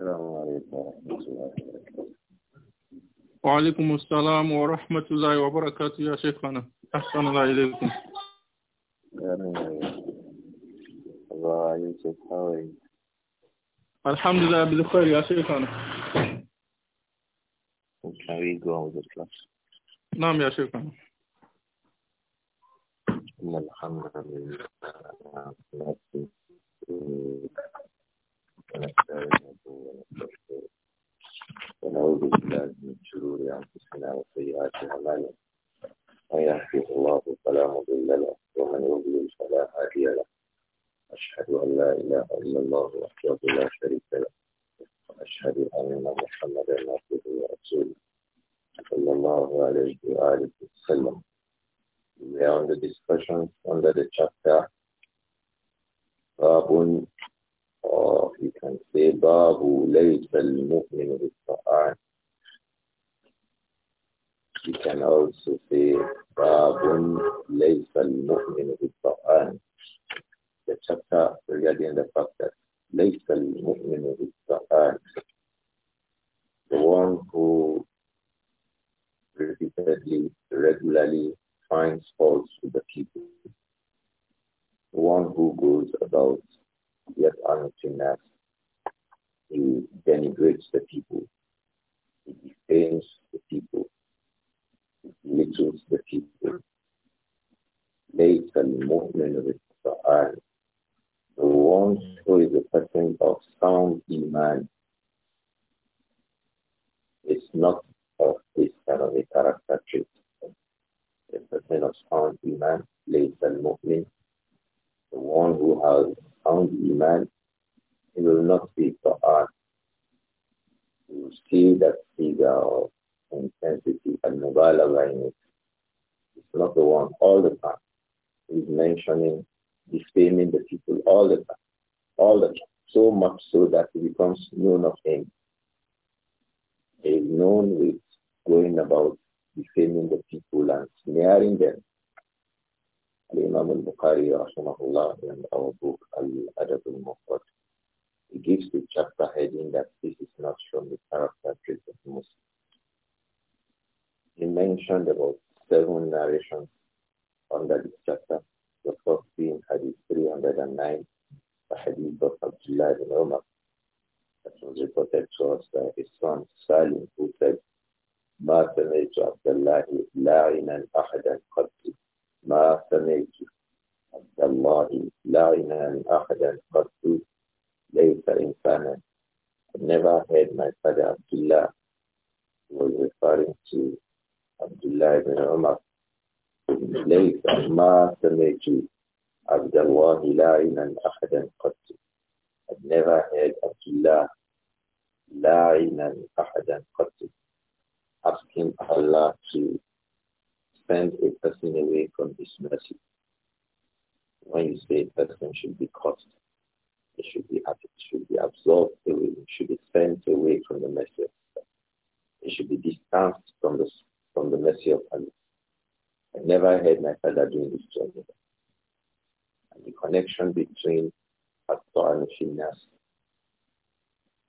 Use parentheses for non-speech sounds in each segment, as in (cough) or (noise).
السلام عليكم ورحمة الله وبركاته وعليكم السلام ورحمة الله وبركاته يا شيخنا أحسن الله إليكم الله الحمد لله بالخير يا شيخنا نعم يا شيخنا الحمد لله إلا الله وحده لا all the time. He's mentioning, defaming the people all the time. All the time. So much so that he becomes known of him. He's known with going about defaming the people and smearing them. Al-Imam al-Bukhari, in our book, Al-Adab al he gives the chapter heading that this is not from the character traits of Muslims. He mentioned about seven narrations under this chapter, the first being Hadith 309, the Hadith of Abdullah bin Umar. That was reported to us by his son Salim, who said, ما سمعت عبد الله لاعنا أحدا قط ما سمعت عبد الله لاعنا أحدا قط ليس إنسانا I never heard my father Abdullah was referring to Abdullah ibn Umar ليس ما سمعت عبد الله لاعنا أحدا قط I've never heard Abdullah لاعنا أحدا قط asking Allah to send a person away from his mercy. When you say a person should be cursed, it should be it should be absorbed away, it should be sent away from the mercy. It should be distanced from the from the mercy of Allah. I never heard my father doing this to anyone. And the connection between Pastor and Finnas,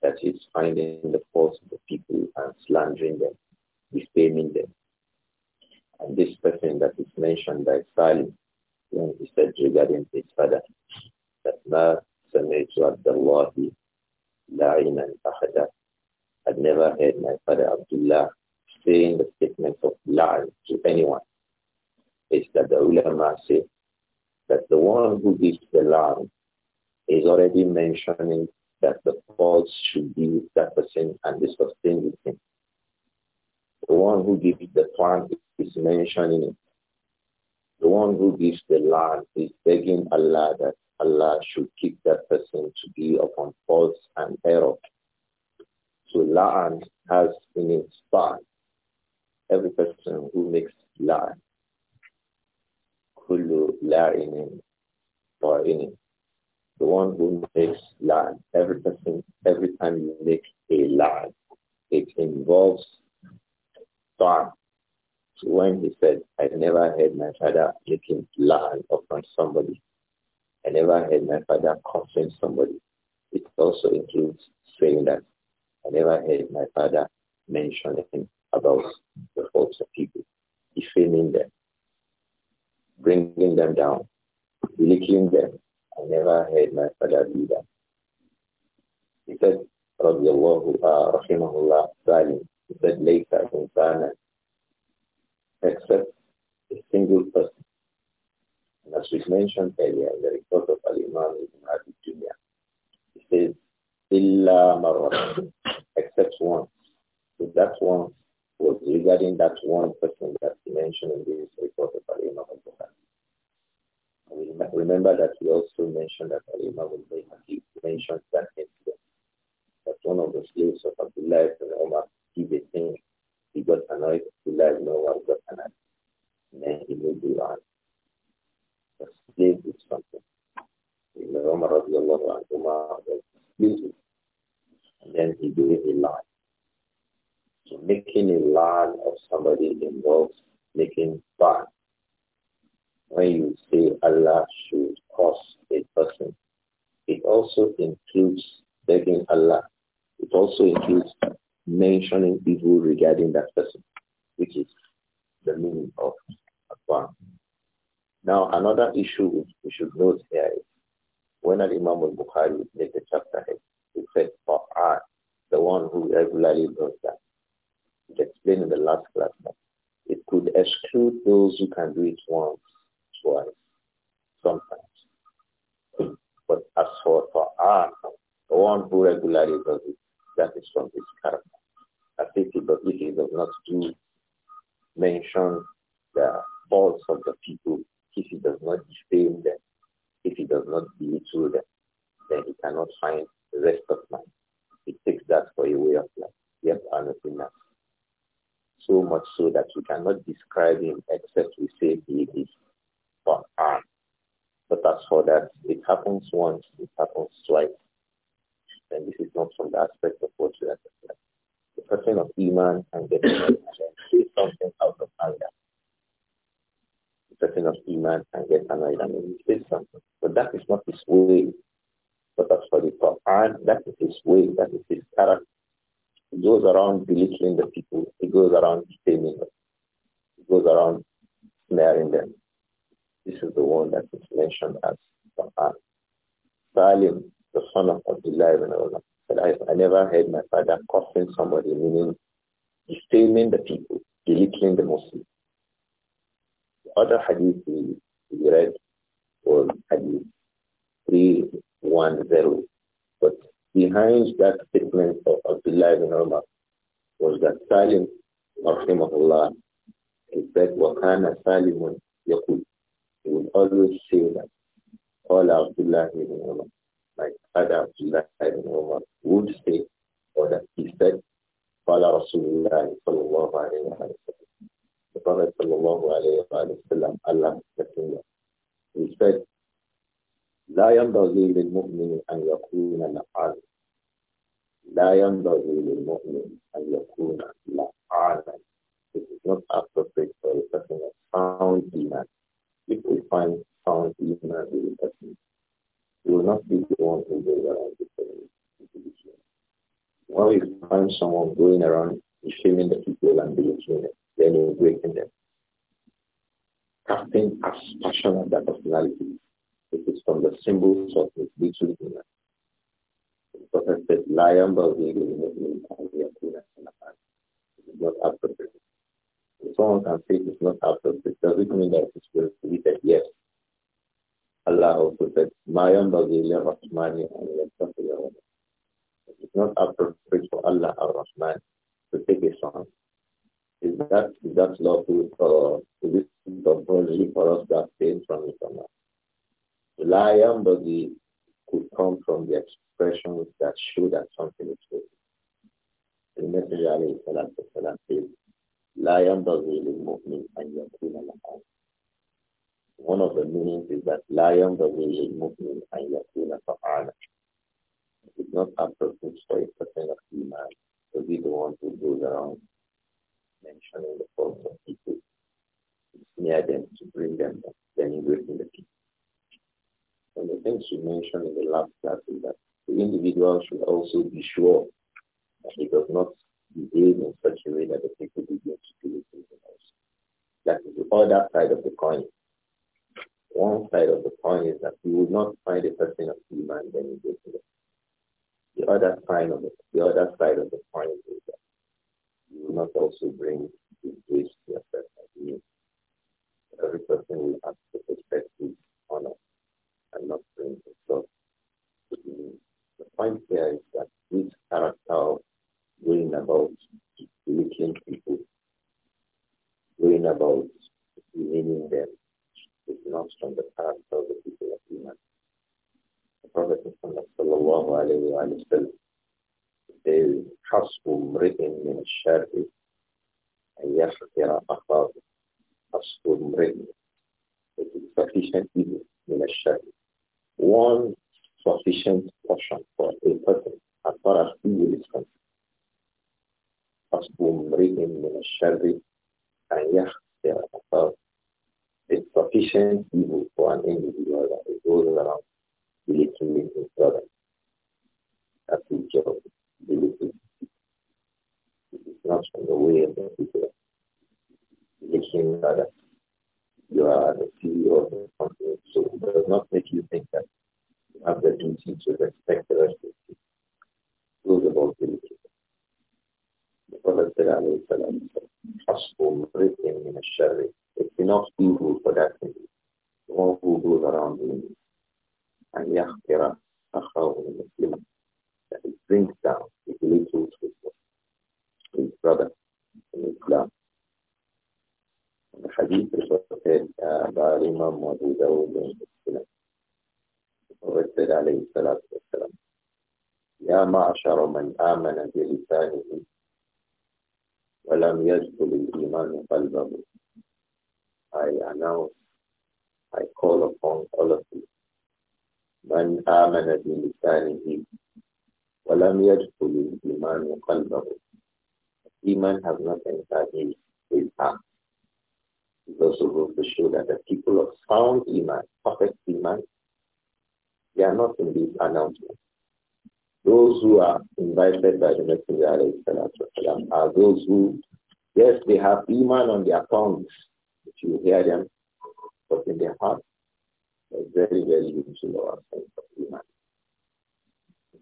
that is finding the faults of the people and slandering them, defaming them. And this person that is mentioned by Salim, when he said regarding his father, that ما سمعت عبد la'in لعينا أحدا never heard my father Abdullah saying the statements of lies to anyone is that the ulama say that the one who gives the lamb is already mentioning that the fault should be with that person and be sustained with him. The one who gives the plant is mentioning it. The one who gives the land is begging Allah that Allah should keep that person to be upon faults and error. So land has in its part every person who makes land kullu la'inin mu'inin. The one who makes la'an. Every person, every time you make a la'an, it involves ta'an. So when he said, I never heard my father making la'an upon somebody. I never heard my father confront somebody. It also includes saying that I never heard my father mentioning about the faults of people, defaming them, bringing them down, belittling them. I never heard my father do that. He said, رضي الله uh, رحمه الله Salim, he said, ليس إنسانا except a single person. And as we mentioned earlier in the report of Al-Imam Ibn Abi Dunya, he says, إلا مرة, except once. So that once was regarding that one person that he mentioned in this report of Al-Imam al-Bukhari. Remember that he also mentioned that Al-Imam al-Bayhaqi mentioned that incident, that one of the slaves of Abdullah and Omar did a thing, he got annoyed, Abdullah ibn Umar got annoyed, then he moved on. The slave did something. Ibn Umar radiallahu anhu was pleased and then he gave a lie. So making a lot of somebody involves making fun. When you say Allah should cost a person, it also includes begging Allah. It also includes mentioning evil regarding that person, which is the meaning of Akbar. Now, another issue we should note here is when Al Imam al Bukhari made the chapter head, he said, I, the one who regularly does that explained in the last class It could exclude those who can do it once, twice, sometimes. But as for Ta'an, the one who regularly does it, that is from his character. At least if he does not do mention the faults of the people, if he does not defame them, if he does not belittle them, then he cannot find the rest of man. It takes that for a way of life. Yes, honestly, now so much so that we cannot describe him except we say he is Quran. But as for that, it happens once, it happens twice. And this is not from the aspect of what we are talking The person of Iman and get something out of anger. The person of Iman and get annoyed and say something. But that is not his way. But as for the Quran, that is his way, that is his character. It goes around belittling the people. It goes around shaming them. It goes around snaring them. This is the one that is mentioned as Safan. Salim, the son of Abdullah ibn Umar, said, I, I never heard my father cursing somebody, meaning defaming the people, belittling the Muslims. The other hadith we, we read was hadith 3110. But Behind that statement of Abdullah ibn Umar was that Salim, rahimahullah, he said, وَكَانَ سَالِمٌ يَقُولُ He would always say that, قال Abdullah ibn Umar, like father Abdullah ibn Umar would say, or that he said, قال رسول الله صلى الله عليه وسلم the Prophet sallallahu alayhi wa Allah Messenger, he said, لا ينبغي للمؤمن أن يكون نقال لا ينبغي للمؤمن أن يكون لفعالا. It is not appropriate for a person of sound iman. If we find sound iman in a person, will not be the one who goes around the When we find someone going around shaming the people and abusing them, then we're breaking them. Casting as on that personality. It is from the symbols of the little iman. Prophet said, La yambaghi lil-mu'min an yakuna sanafan. It's not appropriate. If someone can say it's not appropriate, does it mean that it's prohibited? Yes. Allah also said, Ma yambaghi lil-rahmani an yattaqiya It's not appropriate for Allah al-Rahman to take a son. Is that, is that love lawful or is it compulsory for us that abstain from Islam? or not? could come from the expressions that show that something is good. The Messenger alayhi salatu wasalam says, La yambaghi lil mu'min an yakuna lahai. One of the meanings is that La yambaghi lil mu'min an yakuna fa'ala. It's not appropriate for a person of Iman to be the one who goes around mentioning the faults of people, near them to bring them down, then you in the people. And the things we mentioned in the last class is that the individual should also be sure that he does not behave in such a way that the people begin to do it themselves. That is the other side of the coin. One side of the coin is that you will not find a person of iman when you go to them. The other side of it, the other side of the coin is that you will not also bring disgrace to yourself as you. Every person will have to respect his honor and not bring itself to the, the point here is that this character of going about meeting people, going about demeaning them, is not from the character of the people of Iman. The Prophet Muhammad sallallahu alayhi wa sallam says, حَصْبُ امْرِئٍ مِنَ الشَّرِّ أَنْ يَحْقِرَ أَخَاهُ حَصْبُ امْرِئٍ It is sufficient evil in a shari one sufficient portion for a person as far as evil is concerned. حسب امرئ من الشر أن يخسر نفسه. It's sufficient evil for an individual that is going around belittling his brother. That's his job, belittling. It is not from the way of the people. Belittling others you are the CEO of the company. So it does not make you think that you have the duty to respect the rest of the people. Rules about the Prophet said, alayhi salam, written in a sherry. It's enough evil for that thing. The one who around it. And yakhira akhahu muslim. That it brings down, it little his brother in Islam. And the hadith is reported uh, by Imam Abu Dawud in his Sunnah. Prophet said, alayhi salatu wasalam, يا معشر من آمن بلسانه ولم يدخل الإيمان قلبه I announce, I call upon all of you. من آمن بلسانه ولم يدخل الإيمان قلبه has not entered his heart. Those who going to show that the people of sound iman, perfect iman, they are not in this announcement. Those who are invited by the Messenger are those who, yes, they have iman on their tongues, if you hear them, but in their hearts, they're very, very little or know sense of iman.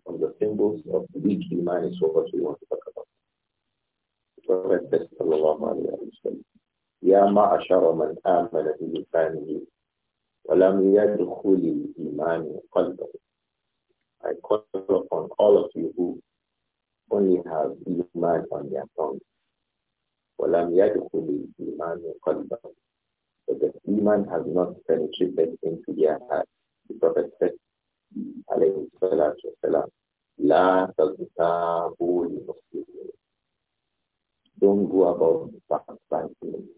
From the symbols of weak iman is what we want to talk about. The Prophet يا معشر من آمن بلسانه ولم يدخل الإيمان قلبه I call upon all of you who only have iman on their tongue. ولم يدخل الإيمان قلبه But the iman has not penetrated into their heart. The Prophet said, عليه الصلاة والسلام, لا تغتابوا المسلمين. Don't go about backbiting.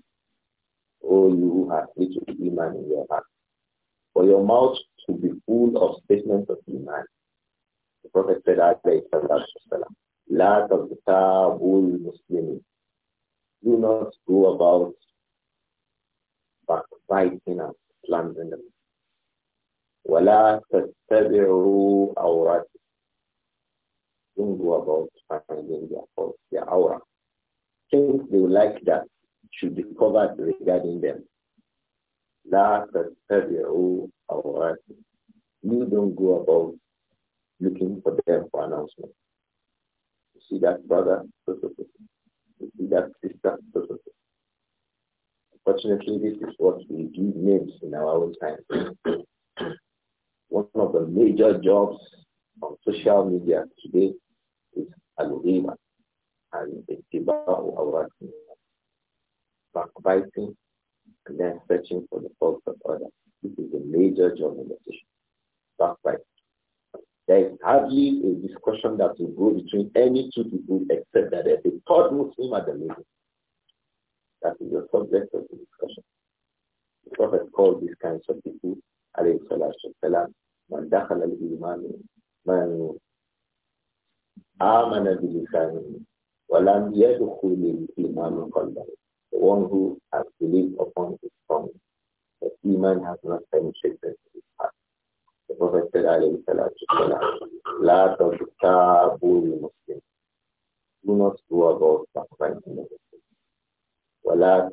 O you who have little iman in your heart. For your mouth to be full of statements of iman. The Prophet said, of the tabul Muslims Do not go about backbiting and slandering them. ولا تتبعوا أورات Don't go about finding their faults, their aura. Think they like that should be covered regarding them. La tattabi'u awrat. You don't go about looking for them for announcement. You see that brother, You see that sister, Unfortunately, this is what we give names in our own time. One of the major jobs on social media today is al and itiba'u backbiting, and then searching for the faults of others. This is a major job in the nation. Backbiting. There is hardly a discussion that will go between any two people except that there's a third Muslim at the middle. That is the subject of the discussion. The Prophet called these kinds of people, alayhi salatu wasalam, man dakhala al-imanu, man amana bil-lisani, walam yadkhul al-imanu qalbahu the one who has believed upon his promise. The iman has not penetrated his heart. The Prophet said, alayhi salatu la tabutabul muslim. Do not do about backbiting the Muslim. وَلَا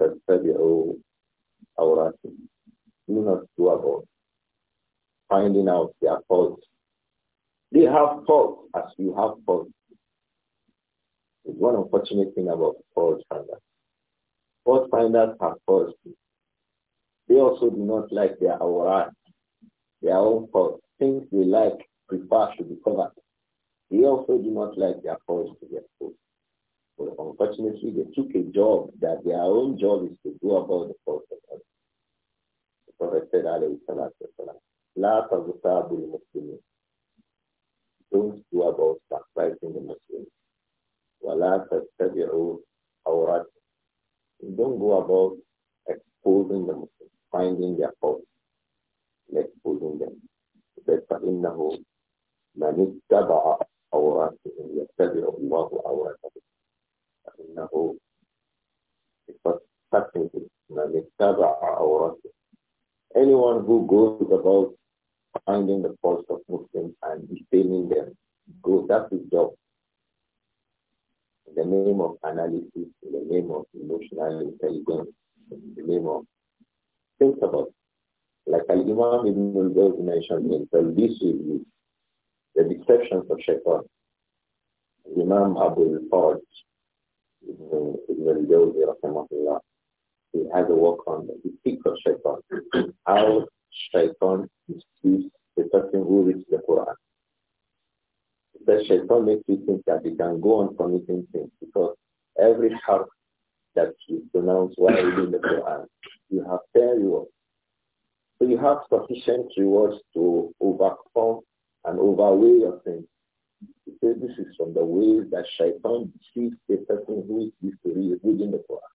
Do not do about finding out their faults. They have faults as you have faults. It's one unfortunate thing about faults, and Fault finders are false. They also do not like their awrat, their own faults. Things they like prefer to be covered. They also do not like their faults to be exposed. But unfortunately, they took a job that their own job is to do about the faults of others. The Prophet said, alayhi salatu wasalam, Don't do about sacrificing the Muslims. ولا تتبعوا عورات don't go about exposing the Muslims, finding their faults, exposing them. But فَإِنَّهُ مَنِ اتَّبَعَ أَوْرَاتِهِمْ يَتَّبِعُ اللَّهُ أَوْرَاتَهُ فَإِنَّهُ because technically, مَنِ اتَّبَعَ أَوْرَاتِهِمْ Anyone who goes about finding the faults of Muslims and detaining them, go, that's his job in the name of analysis, in the name of emotional intelligence, in the name of think about. Like Al Imam Ibn al mentioned in Talbis with the deceptions of Shaitan. Imam Abu al-Faraj, Ibn, Ibn al-Jawzi, he has a work on the peak of Shaitan. (clears throat) How Shaitan deceives the person who reads the Quran said Shaitan makes you think that you can go on committing sins because every harf that you pronounce while reading the Quran, you have fair reward. So you have sufficient rewards to overcome and overweigh your sins. He says this is from the ways that Shaitan deceives a person who is used to read, reading the Quran.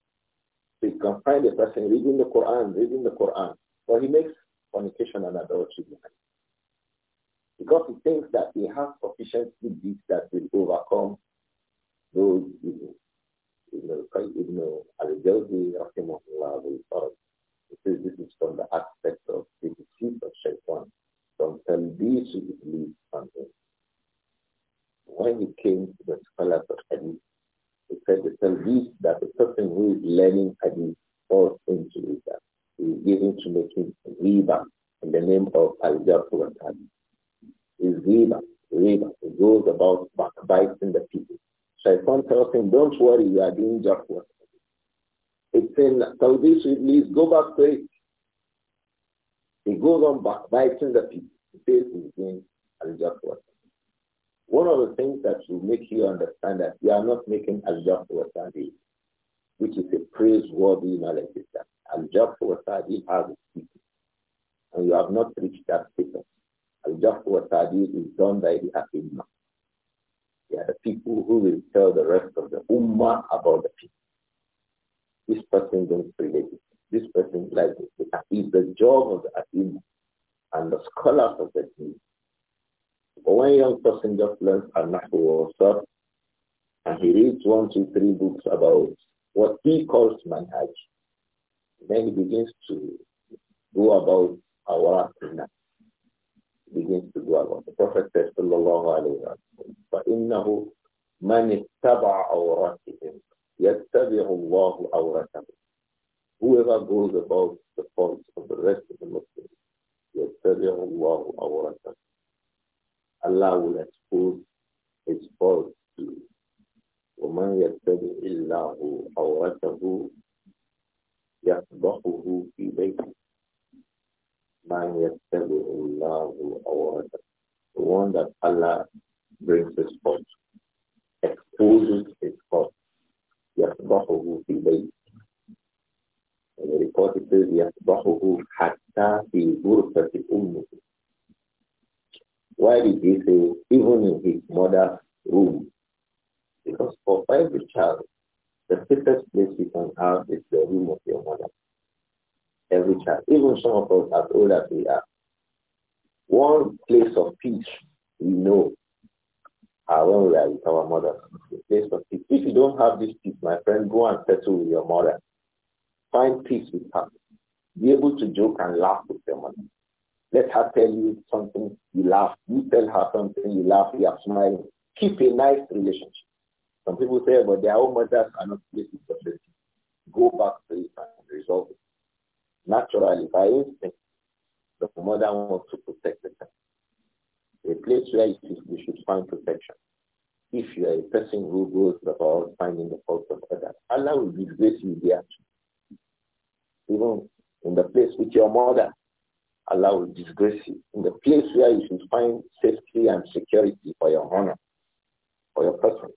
So you can find a person reading the Quran, reading the Quran, but he makes fornication and adultery behind. Because he thinks that he has sufficient deeds that will overcome those you you know, know, evils. Ibn al love rahimahullah, will He says this is from the aspect of the defeat of Shaitan, from Talbis to believe. on him. When he came to the scholars of Hadith, he said the Talbis that the person who is learning Hadith falls into is that he is given to make him riba in the name of Al-Jafu and Hadith riba, riba. It goes about backbiting the people. Shaitan tells him, don't worry, you are doing just what. It's in Saudi release, go back to it. He goes on backbiting the people. He says he's doing just what." One of the things that will make you understand that you are not making a just jafwa sadi, which is a praiseworthy knowledge, is that al-jafwa sadi has a people. And you have not reached that stage. Jahl wa Ta'dil is done by the Aqidah. They are the people who will tell the rest of the Ummah about the people. This person don't relate it. This person like it. It is the job of the Aqidah and the scholars of the deen. But when a young person just learns Al-Nahu or stuff, and he reads one, two, three books about what he calls manhaj, then he begins to go about our needs to dwell on. The Prophet sallallahu فَإِنَّهُ مَنِ اتَّبَعَ عَوْرَتِهِمْ يَتَّبِعُ اللَّهُ عَوْرَتَهُ Whoever goes about the faults of the rest of the Muslims, يَتَّبِعُ اللَّهُ عَوْرَتَهُ Allah will expose his faults to you. وَمَنْ يَتَّبِعِ اللَّهُ عَوْرَتَهُ يَصْبَحُهُ فِي بَيْتِهِ man yastabi'ullahu awad. The one that Allah brings his fault, exposes his fault, yasbahuhu fi bayt. In the report it says yasbahuhu hatta fi burfati ummuhu. Why did he say even in his mother's room? Because for every child, the safest place you can have is the room of your mother every child. Even some of us as old as we are. One place of peace we know are when we are with our mother. place of peace. If you don't have this peace, my friend, go and settle with your mother. Find peace with her. Be able to joke and laugh with your mother. Let her tell you something, you laugh. You tell her something, you laugh, you are smiling. Keep a nice relationship. Some people say, oh, but their own mothers are not places of safety. Go back to it and resolve it naturally by instinct, the mother wants to protect the child. A place where you should find protection. If you are a person who goes about finding the fault of others, Allah will disgrace you there. Even in the place with your mother, Allah will disgrace you. In the place where you should find safety and security for your honor, for your person,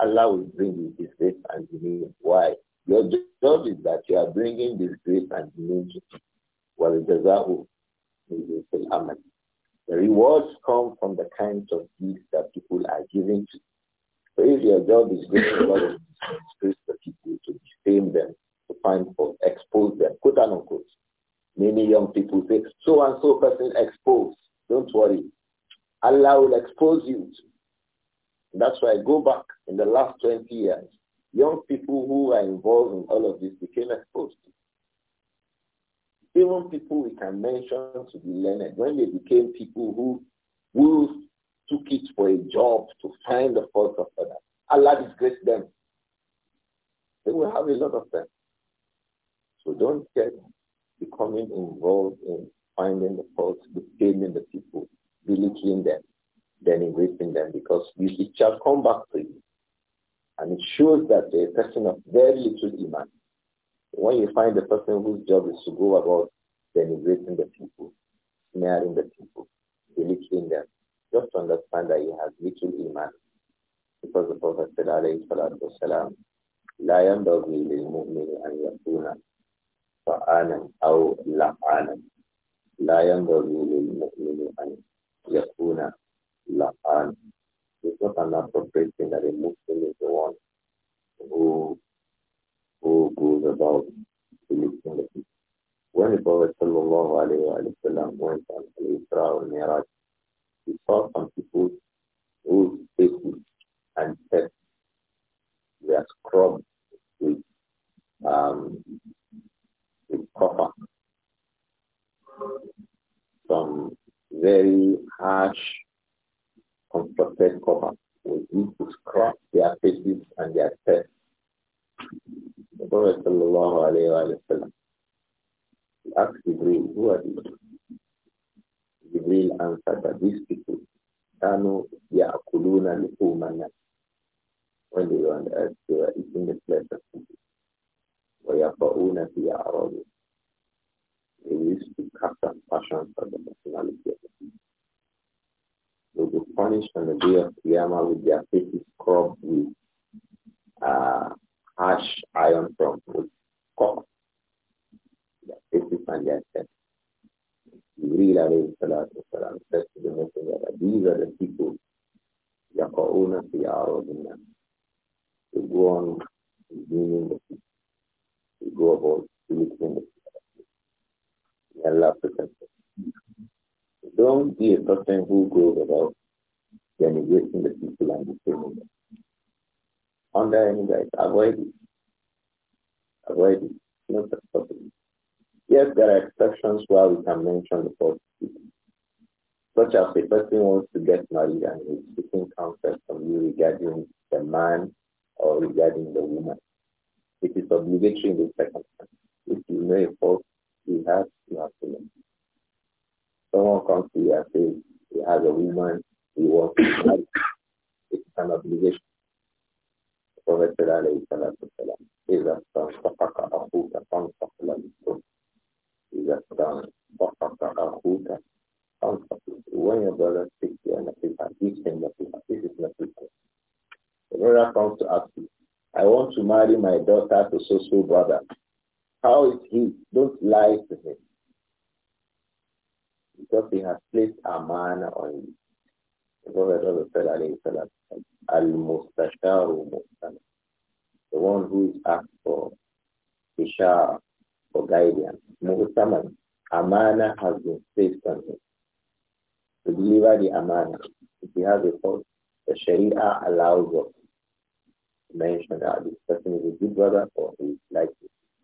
Allah will bring you disgrace and humiliation. Why? Your job is that you are bringing this grace and humility. Well, the rewards come from the kinds of gifts that people are giving to. So if your job is bringing a lot of grace to people, to defame them, to find fault, expose them, quote unquote. Many young people say, so and so person exposed. Don't worry. Allah will expose you. That's why I go back in the last 20 years young people who are involved in all of this became exposed. Even people we can mention to the learned, when they became people who, who took it for a job to find the fault of others, Allah disgraced them. They will have a lot of them. So don't get becoming involved in finding the faults, blaming the people, belittling them, then erasing them because it shall come back to you. And it shows that a person of very little iman, when you find a person whose job is to go about denigrating the people, smearing the people, belittling them, just understand that he has little iman. Because the Prophet said, alayhi salatu wasalam, لا ينبغي للمؤمن أن يكون فعانا أو لعانا لا ينبغي للمؤمن أن يكون لعانا not an appropriate thing that a Muslim is the one who who goes about believing the people. When the Prophet sallallahu alayhi wa sallam went on Isra and Miraj, he saw some people who faces and chests their scrubbed with um, with copper. Some very harsh constructed cover was used to scratch their faces and their chests. The Prophet sallallahu alayhi wa sallam asked Jibreel, who are these? Jibreel answered that these people, Kanu ya'kuluna lukumana. When they were on the earth, they were eating the flesh of people. وَيَقَعُونَ فِي أَعْرَضِ They used to cut capture passion for the personality of the people. They'll be punished on the day of Qiyamah with their faces scrubbed with uh, iron from with cock. Their faces and their steps. Jibreel alayhi salatu wasalam says to the messenger that these are the people يقعون are أعراض to They go on demeaning the people. They go about belittling the people. May Allah protect us. Don't be a person who goes about denigrating the people and defaming them. Under any guise, avoid it. Avoid it. Not acceptable. Yes, there are exceptions where we can mention the false Such as a person wants to get married and is seeking counsel from you regarding the man or regarding the woman. It is obligatory in second circumstance. If you know a fault, you have to have to Someone comes to you and says he has a woman he wants to marry. It's an obligation. The Prophet said, alayhi salatu wasalam, إِذَا اسْتَنْصَحَكَ أَخُوكَ فَانْصَحْ لَهُ إِذَا اسْتَنْصَحَكَ أَخُوكَ فَانْصَحْ لَهُ When your brother speaks to you and says gives him nasiha, this is nasiha. The brother comes to ask you, I want to marry my daughter to so-so brother. How is he? Don't lie to him because he has placed amana on you. The Prophet said, al-mustasharu The one who is asked for ishar, for guidance. Mu'taman, amana has been placed on him. To deliver the amana. If you have a fault, the sharia allows us to mention that this person is a good brother or he likes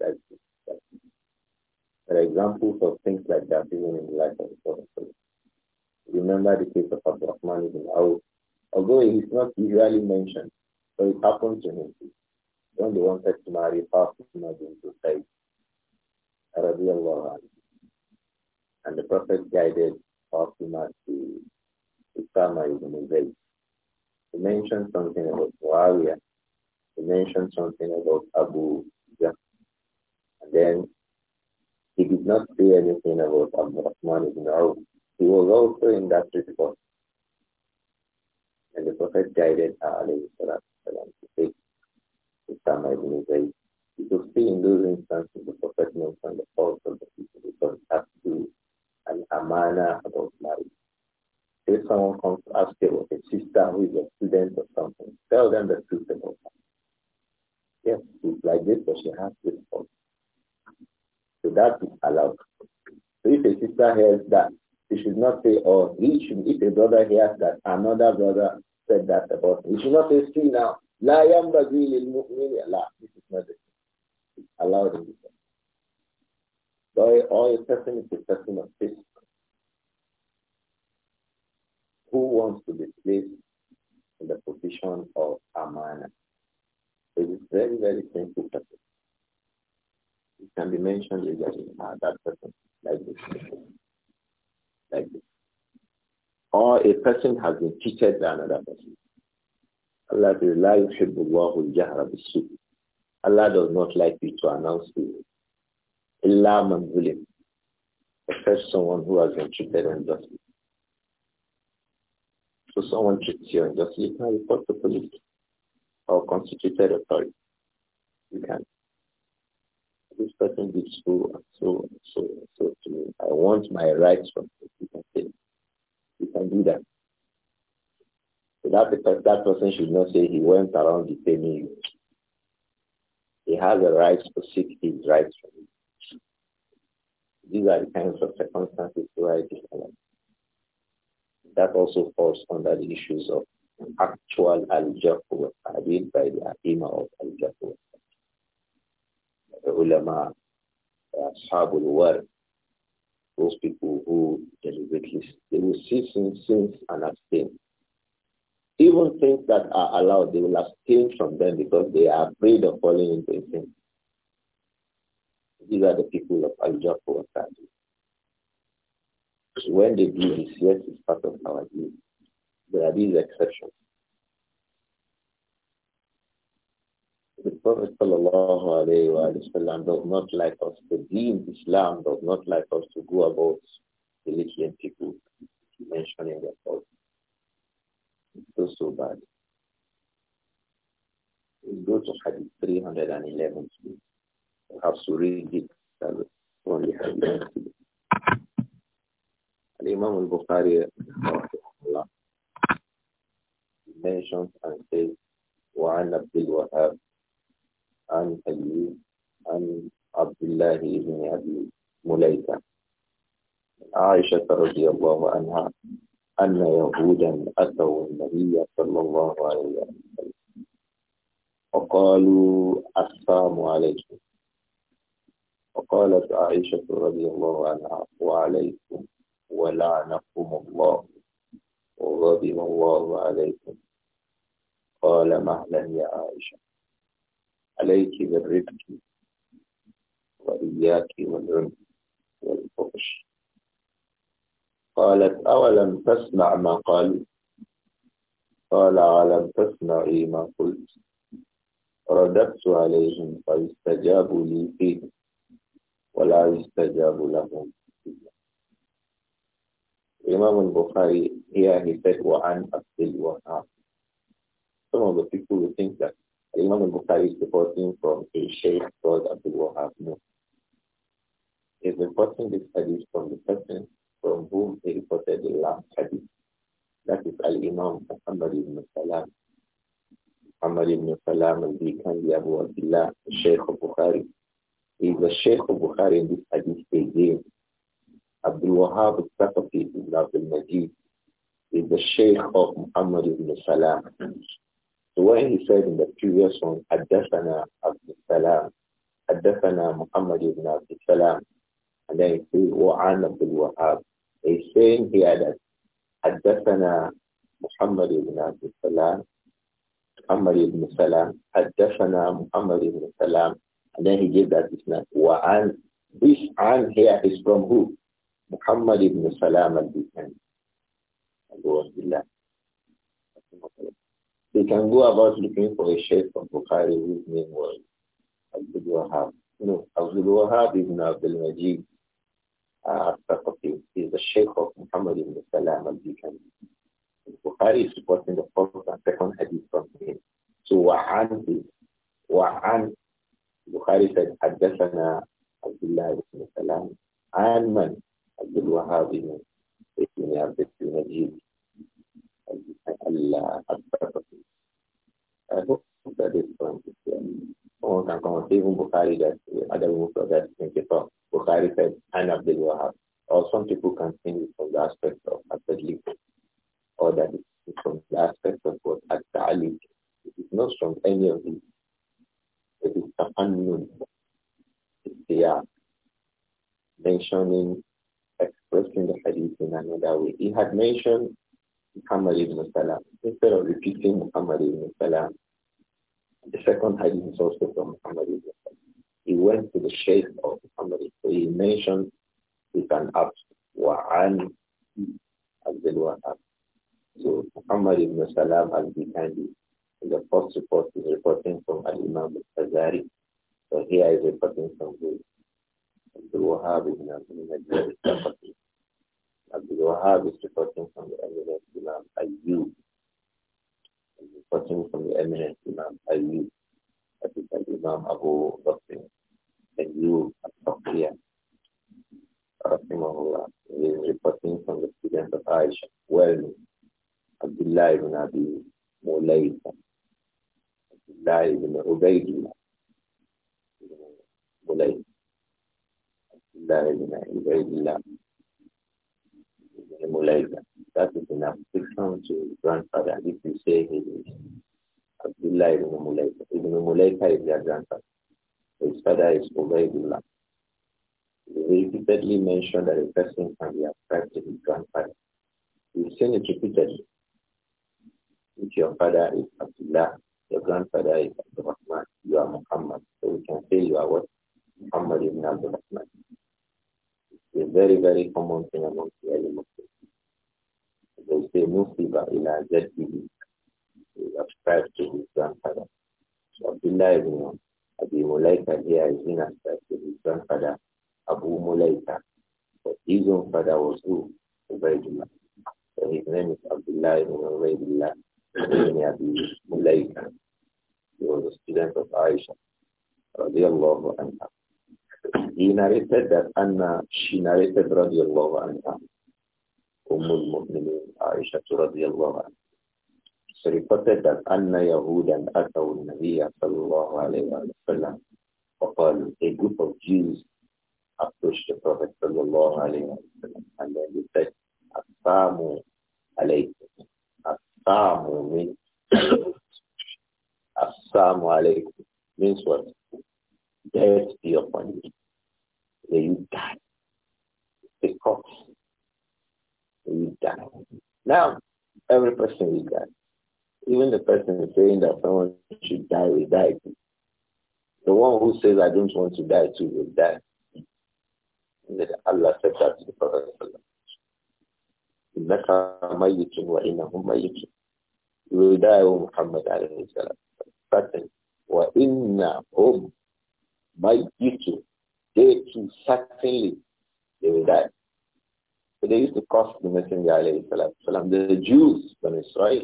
this. There are examples of things like that even in the life of the Prophet. Remember the case of Abdurrahman ibn Awf. Although he's not usually mentioned, but it happened to him. When they wanted to marry Fatima bin Zubayr, radiallahu And the Prophet guided Fatima to Usama ibn Zayd. He mentioned something about Muawiyah. He mentioned something about Abu Jah. And then he did not say anything about Abdul Rahman ibn Auf. He was also in that report. And the Prophet guided Ali to take Usama ibn Zayd. You could see in those instances the Prophet mentioned the faults of the people because that's to an amana about marriage. If someone comes to ask you about a sister who is a student or something, tell them the truth about that. Yes, she's like this, but she has this fault. So that is allowed. So if a sister hears that, she should not say, oh, he should, if a brother hears that, another brother said that about him. He should not say, see now, la yambagi lil mu'min This is not the allowed in this. So, all a person is a person of faith who wants to be placed in the position of Amana. It is very, very simple person. It can be mentioned regarding uh, that person like this. Like this. Or a person has been cheated by another person. Allah says, La yuhibbullahu al-jahra bis Allah does not like you to announce evil. Illa man zulim. Except someone who has been treated unjustly. So someone treats you unjustly, you can report the police or constituted authority. You can. This person did so and so and so and so to me. I want my rights from him. You can say, you can do that. So that, that person should not say he went around defaming you. He has a right to seek his rights from you. These are the kinds of circumstances where it is allowed. That also falls under the issues of actual al-jafu by the Aima of al-jafu ulama, the those people who deliberately, they will cease in sins and abstain. Even things that are allowed, they will abstain from them because they are afraid of falling into sin. These are the people of Al-Jafu So when they do this, yes, it's part of our duty. There are these exceptions. the Prophet sallallahu alayhi wa does not like us, the deen Islam does not like us to go about religion people mentioning their faults. It's so, so bad. We go to Hadith 311. Perhaps we read it only Hadith. Al-Imam al-Bukhari mentions and says, وعن عبد الوهاب عن أيوب عن عبد الله بن أبي مليكة عائشة رضي الله عنها أن يهودا أتوا النبي صلى الله عليه وسلم وقالوا السلام عليكم وقالت عائشة رضي الله عنها وعليكم ولعنكم الله وغضب الله عليكم قال مهلا يا عائشة عليك بالرفق وإياك والعنف والفحش قالت أولم تسمع ما قال قال ألم تسمعي ما قلت رددت عليهم فاستجابوا لي فيه ولا يستجاب لهم Imam al-Bukhari here he said, وعن عبد الوهاب. Some of the people think that Imam al-Bukhari is reporting from a sheikh called Abdul Wahab Musa. He is reporting this studies from the person from whom he reported the last hadith. That is Al-Imam Muhammad ibn Salam. Muhammad ibn Salam al-Bikandi Abu Abdullah, Sheikh al-Bukhari. He is a Sheikh al-Bukhari in this hadith again. Abdul Wahab al-Saqafi ibn Abdul Majid is the Sheikh of Muhammad ibn Salam. So when he said in the previous one, Adafana Abdul Salam, Adafana Muhammad ibn Abdul Salam, and then he says, Wa'an Abdul Wahab, he's saying here that Adafana Muhammad ibn Abdul Salam, Muhammad ibn Salam, Adafana Muhammad ibn Salam, and then he gave that isnat. Wa'an, this an here is from who? Muhammad ibn Salam al Bukhari. Alhamdulillah. They can go about looking for a sheikh from Bukhari whose name was Abdul Wahab. No, Abdul Wahab ibn Abdul Majid al-Thaqafi uh, is the sheikh of Muhammad ibn Salam al-Bikani. Bukhari is supporting the first and second hadith from him. So Wa'an is Wa'an. Bukhari said, حدثنا عبد الله بن سلام عن من عبد الوهاب بن ابن عبد المجيد الله can come and say even Bukhari that Adam that Kitab, Bukhari said and will have,' Or some people can think it from the aspect of Abdul or that it's from the aspect of what Abdul It is not from any of these. It is an unknown. They are mentioning, expressing the hadith in another way. He had mentioned Muhammad ibn Salam. Instead of repeating Muhammad ibn Salam, the second hadith is also from Muhammad He went to the sheikh of Muhammad. So he mentioned he can app, Wa'an Abdul Wahab. So Muhammad ibn Salam al-Bikandi is the first report is reporting from Al-Imam al-Fazari. So here is reporting from the Abdul Wahab ibn Abdul Abdul Wahab is reporting from the eminent Imam Ayyub reporting from the eminent Imam Ali, that is like Imam Abu Bakr, and you al Rahimahullah, he is reporting from the student of Aisha, well Abdullah ibn Abi Mulaysa, Abdullah ibn Ubaidullah, ibn Abdullah ibn Ubaidullah, ibn that is an affliction to his grandfather. If you say he is Abdullah ibn Mulaika. Ibn Mulaika is their grandfather. His father is Ubaidullah. He repeatedly mentioned that a person can be ascribed to his grandfather. We've seen it repeatedly. If your father is Abdullah, your grandfather is Abdurrahman, you are Muhammad. So we can say you are what? Muhammad ibn Abdurrahman. It's a very, very common thing among the Muslims. They say Musiba ila jaddihi. He ascribed to his grandfather. So Abdullah ibn Abi Mulaika here is in ascribed to his grandfather, Abu Mulaika. But his own father was who? Ubaidullah. So his name is Abdullah ibn Ubaidullah ibn Abi Mulaika. He was a student of Aisha. Radiallahu anha. He narrated that Anna, she narrated radiallahu anha a group of Jews approached the Prophet صلى and then they said السلام عليكم السلام means means what death be upon you may you die the corpse with that. Now, every person is die. Even the person saying that someone should die will die. The one who says, I don't want to die too will die. And Allah said that to the Prophet. إنك You will die, O Muhammad alayhi salam. Certain. وإنهم ميتون. They too certainly, they will die. So they used to cost the Messenger alayhi salam, The Jews from Israel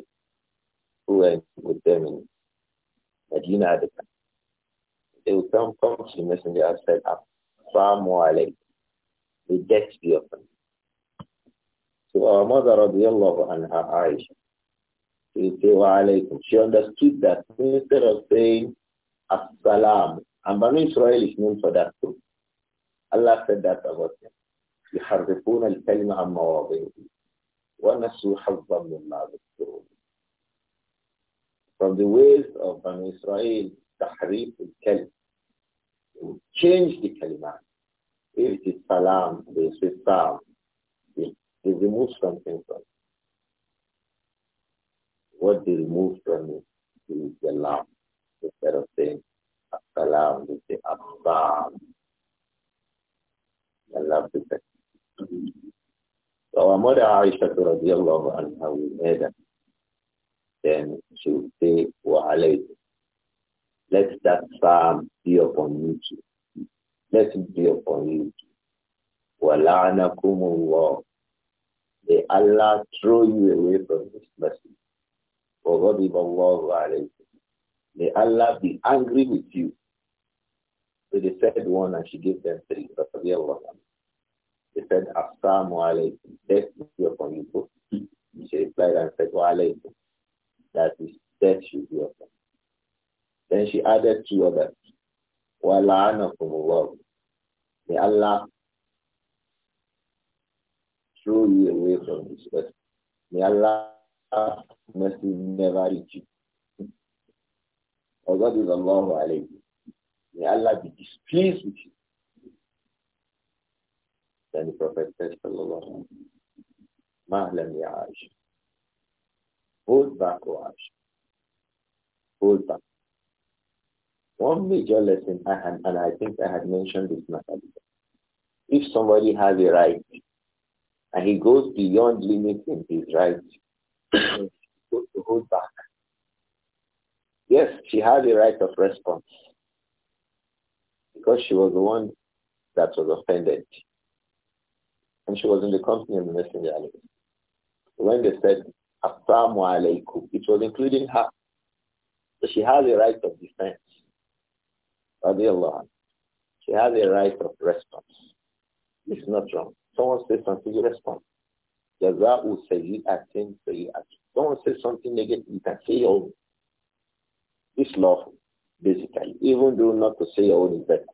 who went with them in Medina at the time. They would come, come to the Messenger and said, Assalamu alaykum. The death be upon So our mother radiallahu anha Aisha, she would say, wa alaykum. She understood that instead of saying, Assalam, and Banu Israel is known for that too. Allah said that about them. يحرفون الكلمة عن مواضعه ونسوا حظا مما ذكروا From the ways of Bani Israel تحريف الكلمة change the كلمة if it is salam they say salam they remove something from it. what they remove from Mother Aisha radiallahu anha will hear that. Then she will say, Wa Let that psalm be upon you too. Let it be upon you too. Wa la'anakumullah. May Allah throw you away from this message. Wa ghadiballahu alaykum. May Allah be angry with you. So they said one and she gave them three. Radiallahu anha. They said, Assalamu alaykum replied and said, Wa'alayhi, that his death should be upon Then she added two others, from Wa'la'anakumullah, may Allah throw you away from this earth. May Allah mercy never reach you. Or God is Allah alayhi. May Allah be displeased and I think I had mentioned this matter. If somebody has a right and he goes beyond limiting his right, to hold back. Yes, she had a right of response because she was the one that was offended. And she was in the company of the messenger. When they said, Assalamu alaikum, it was including her. So she has a right of alone. she has a right of response. This is not wrong. Someone says something, you respond. Jaza'u sayyi'atin sayyi'atin. Someone says something negative, you can say your own. This lawful, basically. Even though not to say your own is better.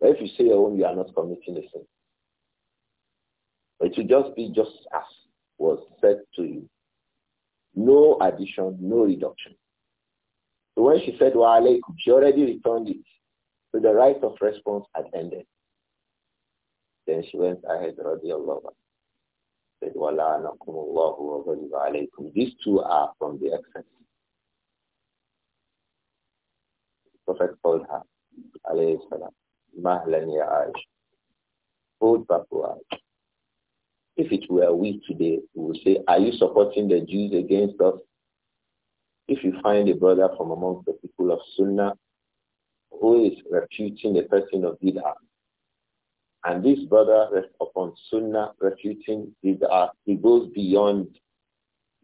But if you say your own, you are not committing a sin. It should just be just as was said to you. No addition, no reduction. So when she said, wa she already returned it. So the right of response had ended. Then she went ahead, radiallahu said, Wala nakumullahu wa alaykum. These two are from the excess. The Prophet called her, alayhi salam, Mahlan ya Aish. Hold back Aish. If it were we today, we would say, are you supporting the Jews against us? If you find a brother from amongst the people of Sunnah who is refuting the person of bid'ah. And this brother upon sunnah refuting bid'ah. He goes beyond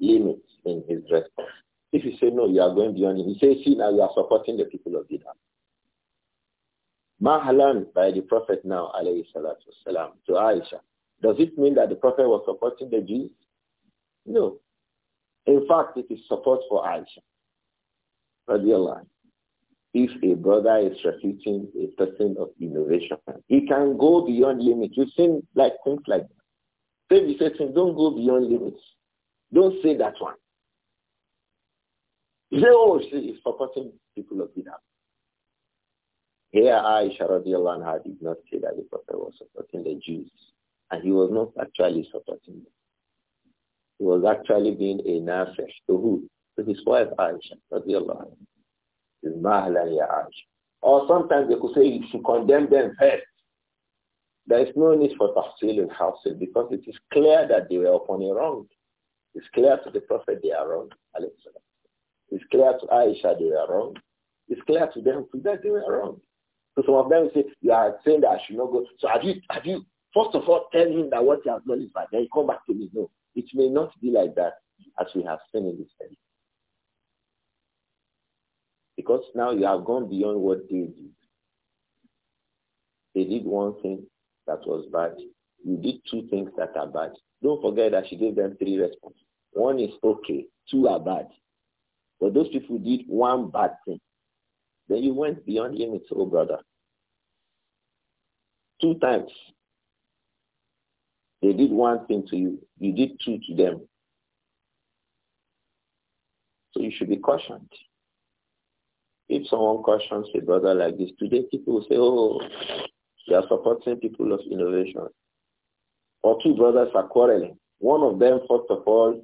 limits in his response. If you say no, you are going beyond him. He says, see now you are supporting the people of bid'ah. Mahalan by the Prophet now, alayhi salatu wasalam, to Aisha. Does it mean that the Prophet was supporting the Jews? No. In fact, it is support for Aisha. Radiallahu if a brother is refuting a person of innovation, he can go beyond limits. We've seen like things like that. Say you say don't go beyond limits. Don't say that one. You say, oh, see is supporting people of bidah? Here Aisha radiallahu anha did not say that the Prophet was supporting the Jews. And he was not actually supporting them. He was actually being a nafesh to who? To his wife Aisha radiallahu anha. Or sometimes they could say you should condemn them first. There is no need for tafsil in hafsil because it is clear that they were upon a wrong. It's clear to the Prophet they are wrong. It's clear to Aisha they were wrong. It's clear to them to that they were wrong. So some of them say, you are saying that I should not go. So have you, have you, first of all, tell him that what he has done is bad. Then he come back to me. No, it may not be like that as we have seen in this study because now you have gone beyond what they did. They did one thing that was bad. You did two things that are bad. Don't forget that she gave them three responses. One is okay, two are bad. But those people did one bad thing. Then you went beyond limits, oh brother. Two times. They did one thing to you. You did two to them. So you should be cautioned. If someone questions a brother like this today, people will say, oh, they are supporting people of innovation. Or two brothers are quarreling. One of them, first of all,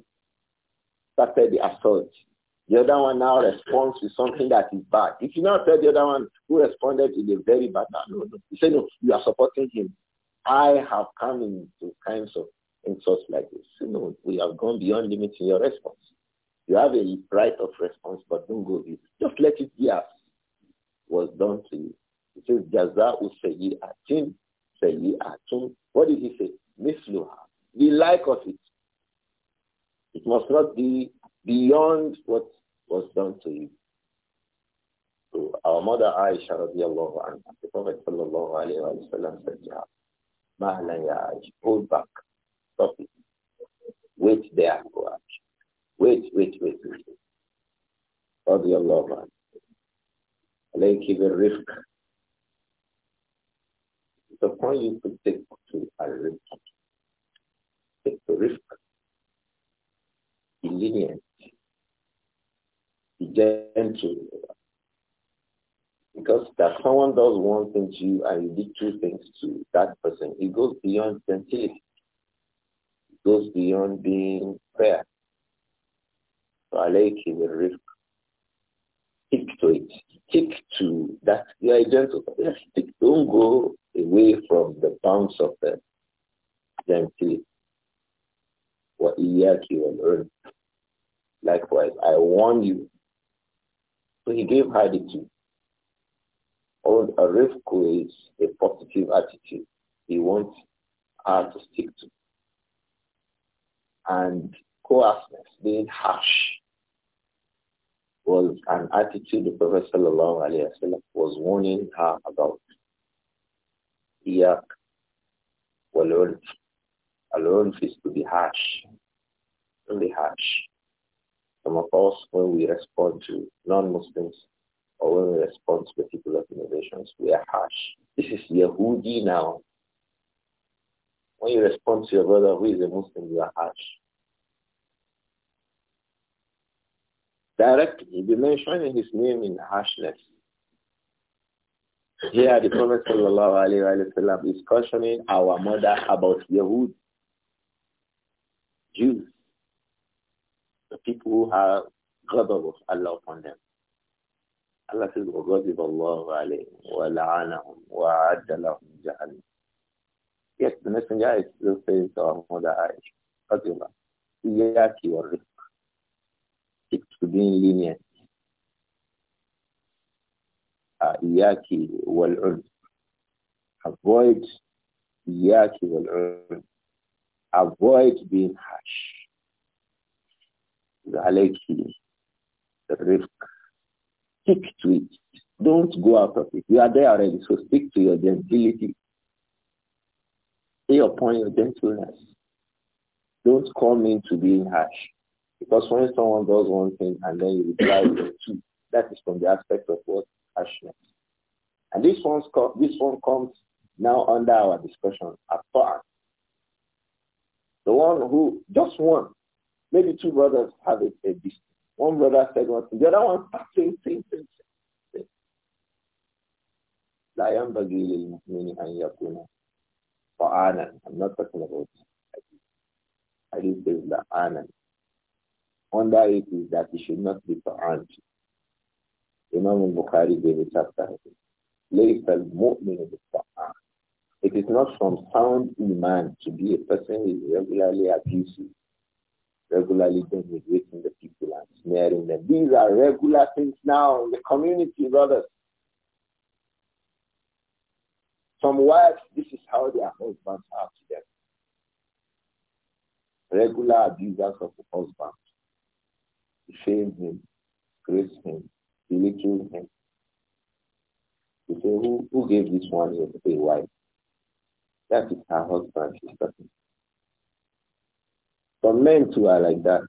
started the assault. The other one now responds with something that is bad. If you now tell the other one who responded to the very bad, no, no, no. You say, no, you are supporting him. I have come into kinds of insults like this. You know, we have gone beyond limiting your response. You have a right of response, but don't go this. Just let it be as was done to you. He says, Jaza'u sayyi'atin sayyi'atun. What did he say? Misluha. The like of it. It must not be beyond what was done to you. So our mother Aisha radiallahu anha, the Prophet sallallahu alayhi wa sallam said to her, Mahla ya Aisha, hold back. Stop it. Wait there for us. Wait, wait, wait, wait. Allah, الله عنه عليك بالرفق The point you could take to a rifq take the risk be lenient be gentle because that someone does one thing to you and you did two things to that person it goes beyond gentility it goes beyond being fair فَعَلَيْكِ بِالرِّفْقِ Stick to it. Stick to that. You are gentle. Stick. Don't go away from the bounds of the gentility. Likewise, I warn you. So he gave her the two. Rivku is a positive attitude. He wants her to stick to. And coarseness, being harsh, was an attitude the Prophet sallallahu was warning her about. Iyak wal-ulf. Al-ulf is to be harsh. To be harsh. Some of us, when we respond to non-Muslims or when we respond to particular innovations, we are harsh. This is Yahudi now. When you respond to your brother who is a Muslim, you are harsh. directly. He'll be mentioning his name in harshness. Here the Prophet wasallam is cautioning our mother about Yahud, Jews, the people who have ghadab of Allah upon them. Allah says, وَغَضِبَ اللَّهُ عَلَيْهِمْ وَلَعَنَهُمْ وَعَدَّ لَهُمْ جَهَنَّمَ Yes, the messenger is still saying to our mother Aisha, رضي الله إياك والرفق to being lenient. Iyaki Avoid Iyaki wal Avoid being harsh. Aleki, the rifq. Stick to it. Don't go out of it. You are there already, so stick to your gentility. Stay upon your gentleness. Don't come into being harsh. Because when someone does one thing and then you reply with two, that is from the aspect of what harshness. And this one's co- this one comes now under our discussion apart. The one who just one, maybe two brothers have a, a One brother said one thing, the other one same thing, same thing. لا ينبغي للمؤمن أن يكون طعانا I'm not talking about I didn't say that under it is that it should not be ta'ant. Imam bukhari gave it after It is not from sound iman to be a person who is regularly abusive, regularly denigrating the people and smearing them. These are regular things now in the community, brothers. Some wives, this is how their husbands are to them. Regular abusers of husbands shame him, praise him, belittle him. You say, who, who gave this one a wife? That is her husband she's talking. men too are like that,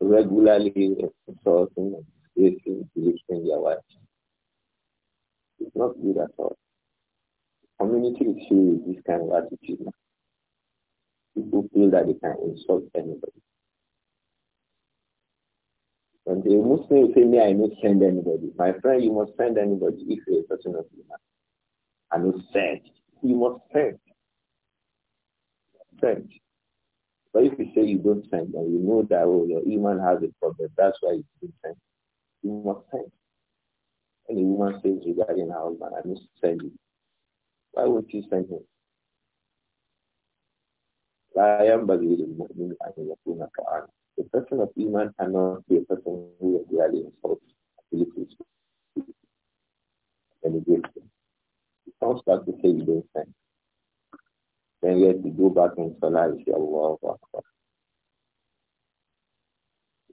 regularly insulting and disgracing, belittling their wives. It's not good at all. Community is filled with this kind of attitude. People feel that they can insult anybody. And the Muslim will say, "May I not send anybody. My friend, you must send anybody if you're a person of Iman. And he said, you must send. Send. But if you say you don't send and you know that oh, your Iman has a problem, that's why you don't send. You must send. And the woman says regarding her husband, I must send you. Why would you send him? I am لا ينبغي للمؤمن أن يكون كعانه the person of Iman cannot be a person who really insults abilities and against them. He comes back to say you don't think. Then have to go back and Salah and say Allah Akbar.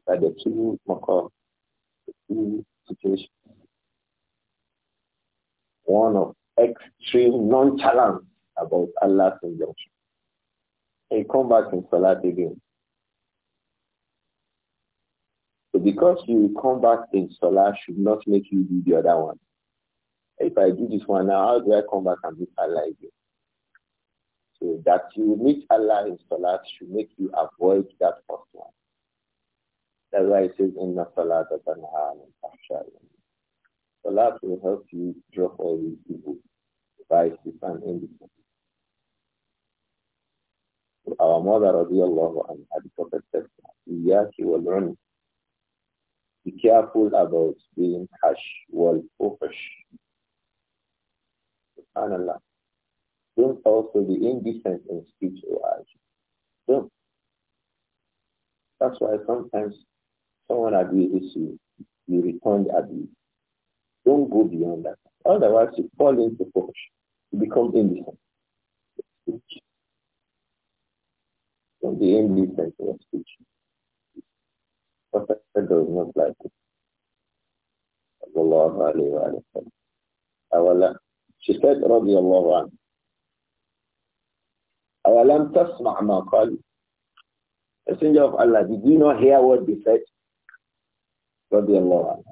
But the two makar, the two situations. One of extreme nonchalance about Allah's injunction. And you come back in Salah again. because you come back in Salah should not make you do the other one. If I do this one now, how do I come back and meet Allah again? So that you meet Allah in Salah should make you avoid that first one. That's why it says, Inna Salat Salat will help you drop all these evil vices and enmity. Our mother, radiallahu anha, the Prophet said, Iyaki be careful about being harsh. or foolish. SubhanAllah. Don't also be indecent in speech or action. Don't. That's why sometimes someone abuses you, you return the abuse. Don't go beyond that. Otherwise, you fall into foolish. You become indecent. Don't be indecent in speech. فتشهدوا من بلادكم صلى الله عليه وعلى وسلم أولا شفت رضي الله عنه أولم تسمع ما قال Messenger of Allah, did you not hear what they said? رضي الله عنه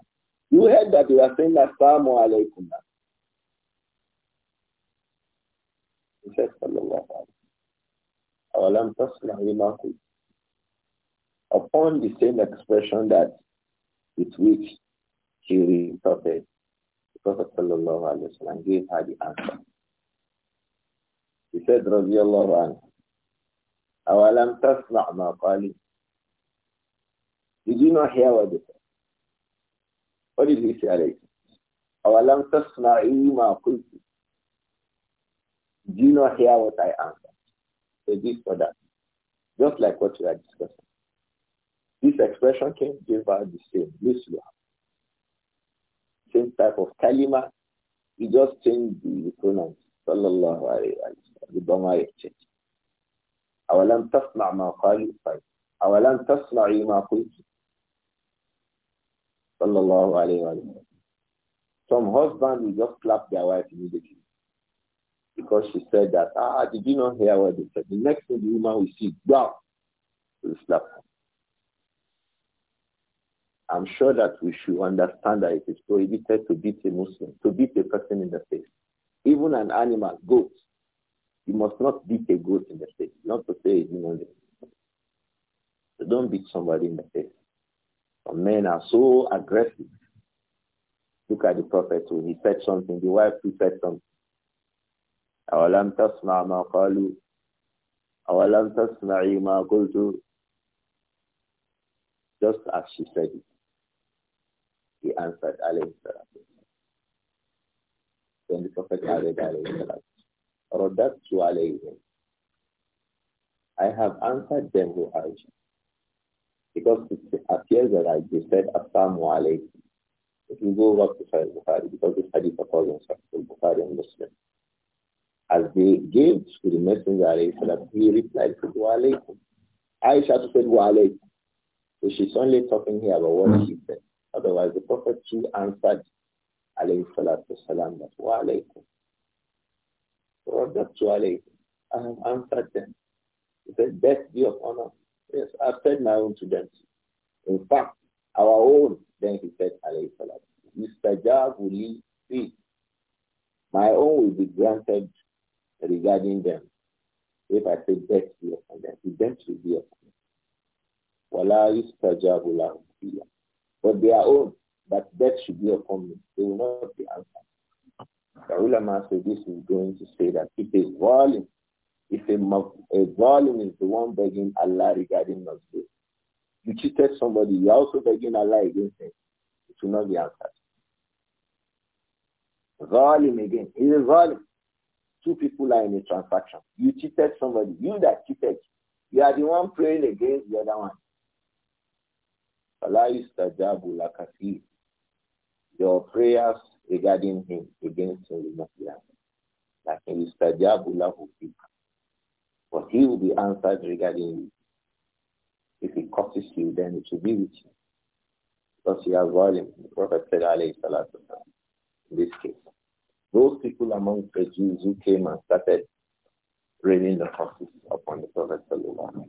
You heard that they were saying that السلام عليكم He said صلى الله عليه وسلم أولم تسمع ما قلت upon the same expression that with which she retorted. The Prophet sallallahu alayhi wa sallam gave her the answer. He said, radiallahu anhu, أَوَلَمْ تَسْمَعْ مَا قَالِي Did you not hear what they said? What did he say, alayhi? أَوَلَمْ تَسْمَعِي مَا قُلْتِ Did you not hear what I answered? So this for that. Just like what we are discussing. This expression can give her the same, Misluha. Same type of kalima. He just changed the pronouns. Sallallahu alayhi wa The Dhamma exchange. أولم تسمع ما قالوا طيب أولم تسمعي ما قلت صلى الله عليه وسلم Some husband will just slap their wife immediately because she said that, ah, did you not hear what they said? The next thing the woman will see, wow, will slap her. I'm sure that we should understand that it is prohibited to beat a Muslim, to beat a person in the face. Even an animal, goat, you must not beat a goat in the face, not to say a human being. So don't beat somebody in the face. Some men are so aggressive. Look at the prophet when he said something, the wife who said something. just as she said it. He answered, alayhi salatu Then the Prophet added, alayhi salatu Radatu alayhim. I have answered them who urge. Because it appears that I just said, Assalamu alaykum. If you go back to Sahih Bukhari, because this hadith occurs in Sahih Bukhari and Muslim. As they gave to the messenger, alayhi salatu, he replied, to alaykum. Aisha said, wa alaykum. So she's only talking here about what she said. Otherwise, the Prophet too answered, alayhi salatu salam, that wa alaykum. So that to alaykum. I have answered them. said, best be of honor. Yes, I've said my own to them. In fact, our own, then he said, alayhi salatu. Yustajabu li fi. My own will be granted regarding them. If I say best be of them, he then will be upon them. وَلَا يُسْتَجَابُ لَهُمْ فِيهَا but they are own, that death should be upon me. They will not be answered. The ulama said this is going to say that if a volume, if a, a volume is the one begging Allah regarding Nazir, you cheated somebody, you're also begging Allah against him. It will not be answered. Volume again. He's a zalim. Two people are in a transaction. You cheated somebody. You that cheated. You are the one praying against the other one. Your prayers regarding him against him will not be answered. But he will be answered regarding you. If he curses you, then it will be with you. Because you are violent. The Prophet said, alayhi salatu in this case. Those people among the Jews who came and started raining the curses upon the Prophet sallallahu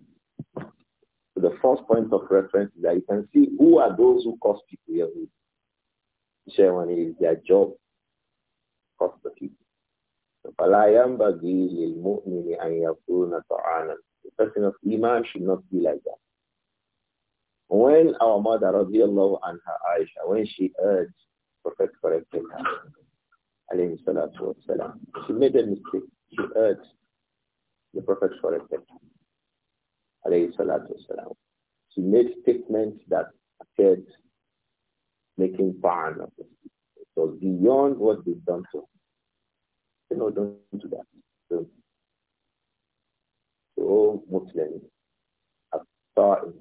the first point of reference is that you can see who are those who cause people Share Shaywani is their job, cost the people. So, the person of Iman should not be like that. When our mother, radiallahu anha, Aisha, when she urged Prophet corrected her, alayhi salatu wasalam, she made a mistake. She urged the Prophet corrected her. She made statements that appeared making fun of the It was beyond what they've done to You know, don't do that. do So, Muslims, الطائف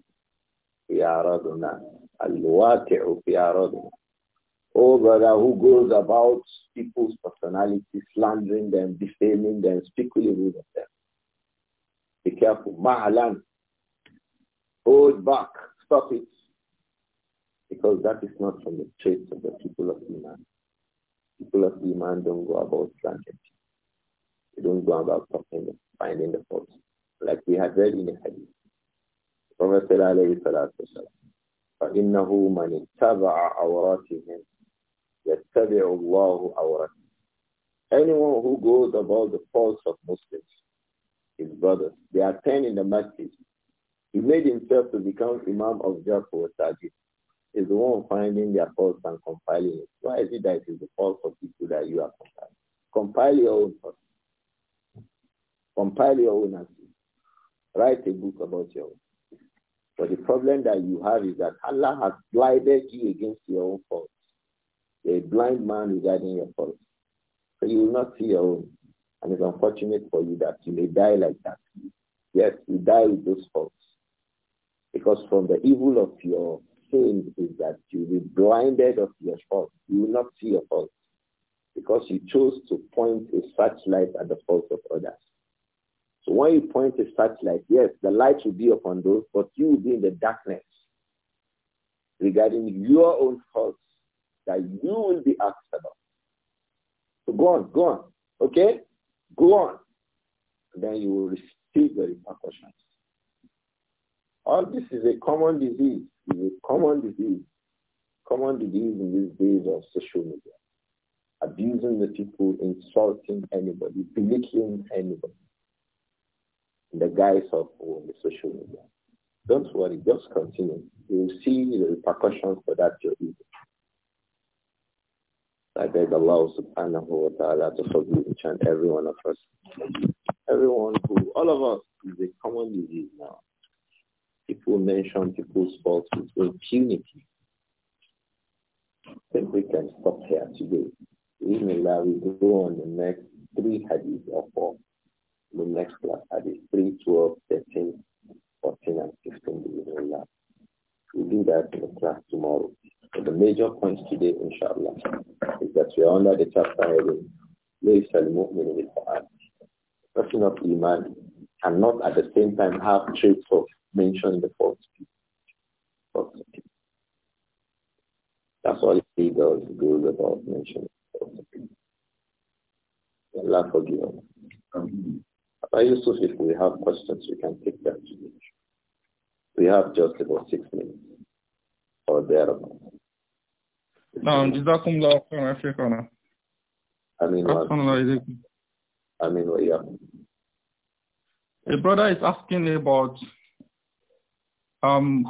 في أراضنا الواقع fi أراضنا Oh brother, who goes about people's personalities, slandering them, defaming them, ill with them. Be careful. Ma'alan, Hold back. Stop it. Because that is not from the traits of the people of Iman. People of Iman don't go about slandering; They don't go about talking, finding the faults. Like we have read in the hadith. Prophet said, alayhi salatu wasalam, فَإِنَّهُ مَنِ اتَّبَعَ عَوْرَاتِهِمْ يَتَّبِعُ اللَّهُ عَوْرَاتِهِمْ Anyone who goes about the faults of Muslims, his brothers, they are ten in the masjid, he made himself to become Imam of Jaffa Sajid. Is the one finding their faults and compiling it. Why is it that it is the fault of people that you are compiling? Compile your own faults. Compile your own answers. Write a book about your own. But the problem that you have is that Allah has blinded you against your own faults. You're a blind man regarding your faults. So you will not see your own. And it's unfortunate for you that you may die like that. Yes, you die with those faults. Because from the evil of your sin is that you will be blinded of your fault. You will not see your fault because you chose to point a searchlight at the fault of others. So when you point a searchlight, yes, the light will be upon those, but you will be in the darkness regarding your own faults that you will be asked about. So go on, go on, okay? Go on. And then you will receive the repercussions. All this is a common disease. It's a common disease. Common disease in these days of social media. Abusing the people, insulting anybody, belittling anybody. In the guise of oh, the social media. Don't worry, just continue. You will see the repercussions for that You're evil. I beg Allah subhanahu wa ta'ala to forgive each and every one of us. Everyone who, all of us, is a common disease now people mention people's faults with impunity. I think we can stop here today. Inshallah, we go on the next three hadiths or four. The next class hadith 3, 12, 13, 14, and 15. Inshallah. We'll do that in the class tomorrow. But the major points today, inshallah, is that we are under the chapter heading, لَيْسَ الْمُؤْمِنُ بِالْقُرْآنِ Person of Iman cannot at the same time have traits of mention the false people. That's all he does, goes about mentioning false people. Allah forgive him. Um, Abba Yusuf, if we have questions, we can take that to We have just about six minutes or thereabouts. نعم جزاكم الله خيرا شيخنا امين امين واياكم A brother is asking about um,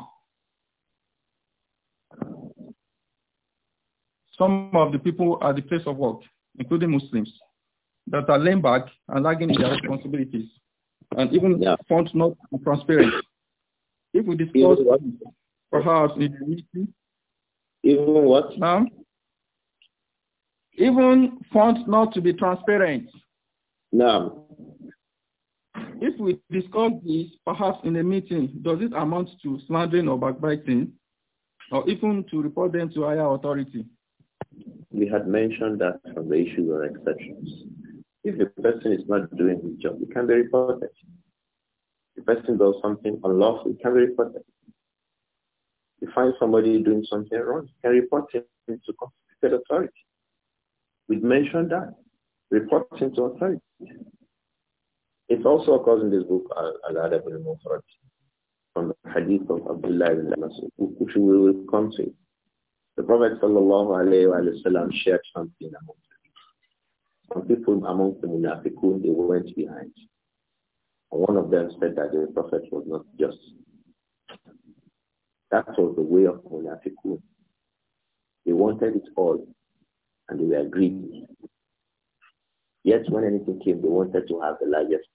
some of the people at the place of work, including Muslims, that are laying back and lagging in their responsibilities and even yeah. funds not transparent. If we discuss perhaps in the meeting, even what? Um, even found not to be transparent. No. If we discuss this, perhaps in a meeting, does it amount to slandering or backbiting, or even to report them to higher authority? We had mentioned that from the issue of exceptions. If the person is not doing his job, it can be reported. If the person does something unlawful, it can be reported. If you find somebody doing something wrong, you can report him to constituted authority. We mentioned that. Report him to authority. It also occurs in this book, Al-Adab al-Mufrad, from the hadith of Abdullah ibn Masud, which we will come to. The Prophet sallallahu alayhi wa shared something among them. Some people among the munafiqun, they went behind. one of them said that the Prophet was not just. That was the way of munafiqun. They wanted it all, and they were greedy. Yet when anything came, they wanted to have the largest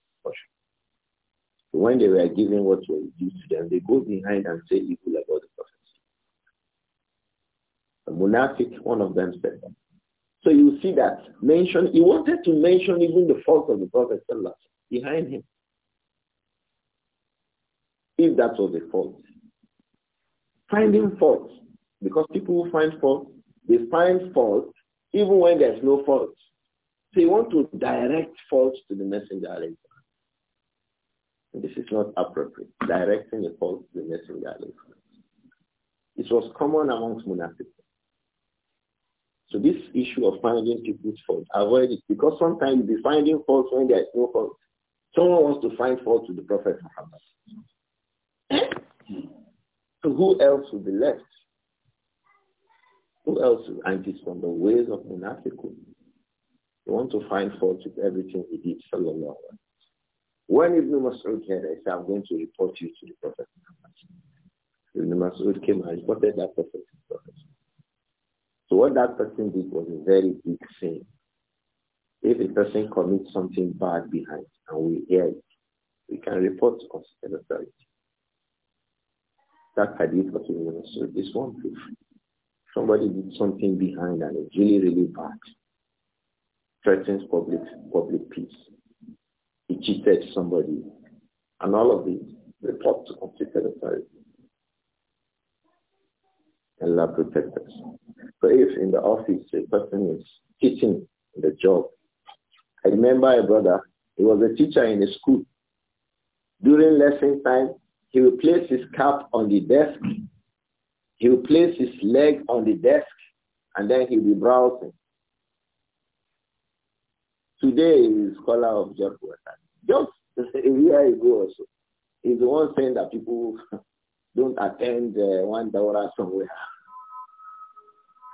so when they were given what was due to them, they go behind and say evil about the prophets. A monastic, one of them said that. So you see that mention, he wanted to mention even the faults of the prophet behind him. If that was a fault. Finding fault. Because people who find fault, they find fault even when there's no fault. So you want to direct fault to the messenger. This is not appropriate, directing a call to the messenger. It was common amongst monastics. So this issue of finding people's fault, avoid it because sometimes you'll be finding fault when there is no fault. Someone wants to find fault with the Prophet Muhammad. Eh? so who else will be left? Who else? Will, and from the ways of Munafiqun. They want to find fault with everything he did, sallallahu when Ibn Mas'ud heard, I said, I'm going to report you to the Prophet Ibn Mas'ud came and reported that person to the Prophet. So what that person did was a very big sin. If a person commits something bad behind and we hear it, we can report to us an authority. That hadith of Ibn Mas'ud is one proof. Somebody did something behind and it's really, really bad. Threatens public public peace he cheated somebody, and all of it report to conflicted authority. Allah protect us. So if in the office a person is cheating the job, I remember a brother, he was a teacher in a school. During lesson time, he will place his cap on the desk, he will place his leg on the desk, and then he'll be browsing. Today is scholar of John Just a year ago also, is the one saying that people (laughs) don't attend uh, one hour somewhere.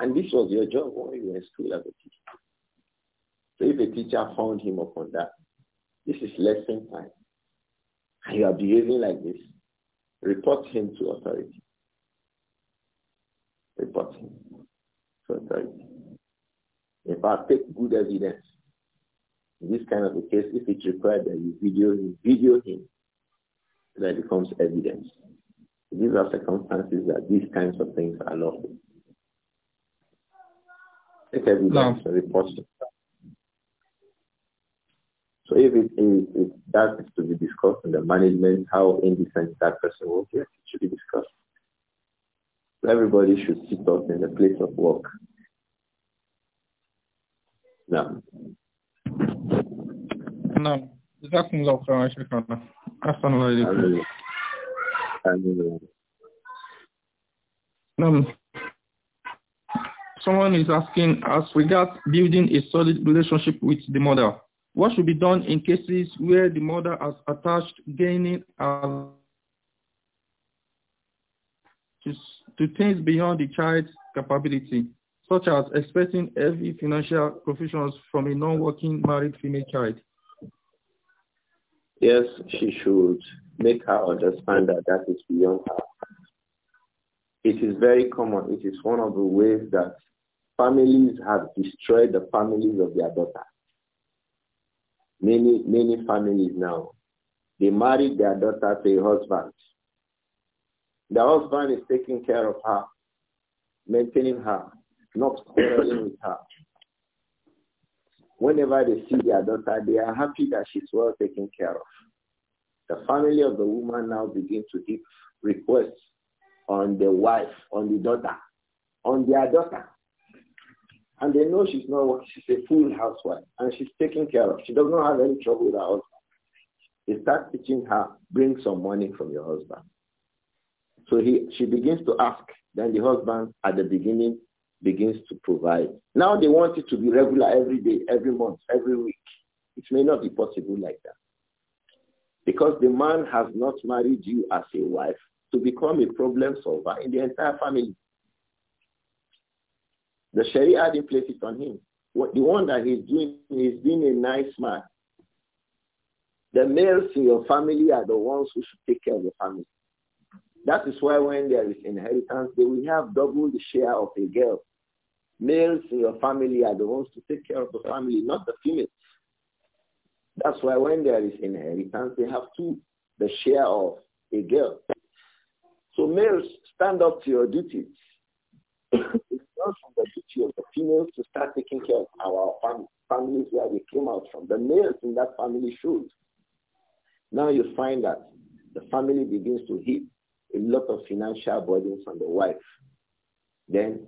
And this was your job when you were in school as a teacher. So if a teacher found him upon that, this is lesson time. And you are behaving like this, report him to authority. Report him to authority. In fact, take good evidence in this kind of a case, if it's required that you video him, video him, that becomes evidence. These are circumstances that these kinds of things are not. Take evidence and report So if it if that is to be discussed in the management, how indecent that person will be, it should be discussed. Everybody should sit up in the place of work. Now, نعم جزاكم الله خيرا شكرا أحسن الله إليكم نعم Someone is asking, as regards building a solid relationship with the mother, what should be done in cases where the mother has attached gaining uh, to, to things beyond the child's capability, such as expecting heavy financial provisions from a non-working married female child? yes, she should make her understand that that is beyond her. It is very common. It is one of the ways that families have destroyed the families of their daughters. Many, many families now, they married their daughter to a husband. The husband is taking care of her, maintaining her, not quarreling with her, Whenever they see their daughter, they are happy that she's well taken care of. The family of the woman now begin to give requests on the wife, on the daughter, on their daughter. And they know she's not She's a full housewife and she's taken care of. She does not have any trouble with her husband. They start teaching her, bring some money from your husband. So he, she begins to ask. Then the husband at the beginning begins to provide. Now they want it to be regular every day, every month, every week. It may not be possible like that. Because the man has not married you as a wife to become a problem solver in the entire family. The Sharia didn't place it on him. What, the one that he's doing is being a nice man. The males in your family are the ones who should take care of the family. That is why when there is inheritance, they will have double the share of a girl. Males in your family are the ones to take care of the family, not the females. That's why when there is inheritance, they have to the share of a girl. So males, stand up to your duties. (coughs) it's not from the duty of the females to start taking care of our fam families where we came out from. The males in that family should. Now you find that the family begins to heap a lot of financial burdens on the wife. Then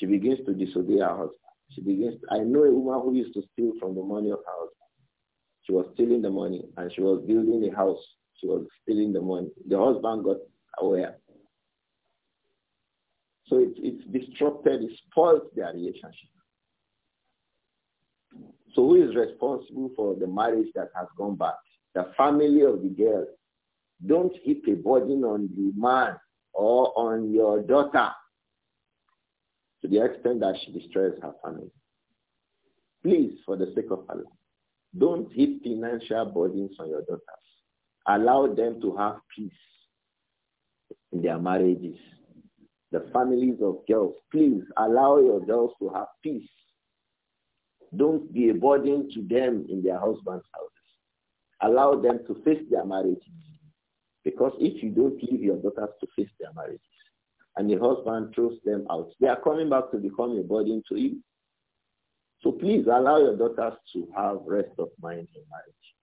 she begins to disobey her husband. She begins, I know a woman who used to steal from the money of her husband. She was stealing the money and she was building a house. She was stealing the money. The husband got aware. So it's disrupted, it spoils their relationship. So who is responsible for the marriage that has gone back? The family of the girl. Don't heap a burden on the man or on your daughter to the extent that she destroys her family. Please, for the sake of Allah, don't heap financial burdens on your daughters. Allow them to have peace in their marriages. The families of girls, please allow your girls to have peace. Don't be a burden to them in their husbands' houses. Allow them to face their marriages. Because if you don't leave your daughters to face their marriages, and the husband throws them out, they are coming back to become a burden to you. So please allow your daughters to have rest of mind in marriage.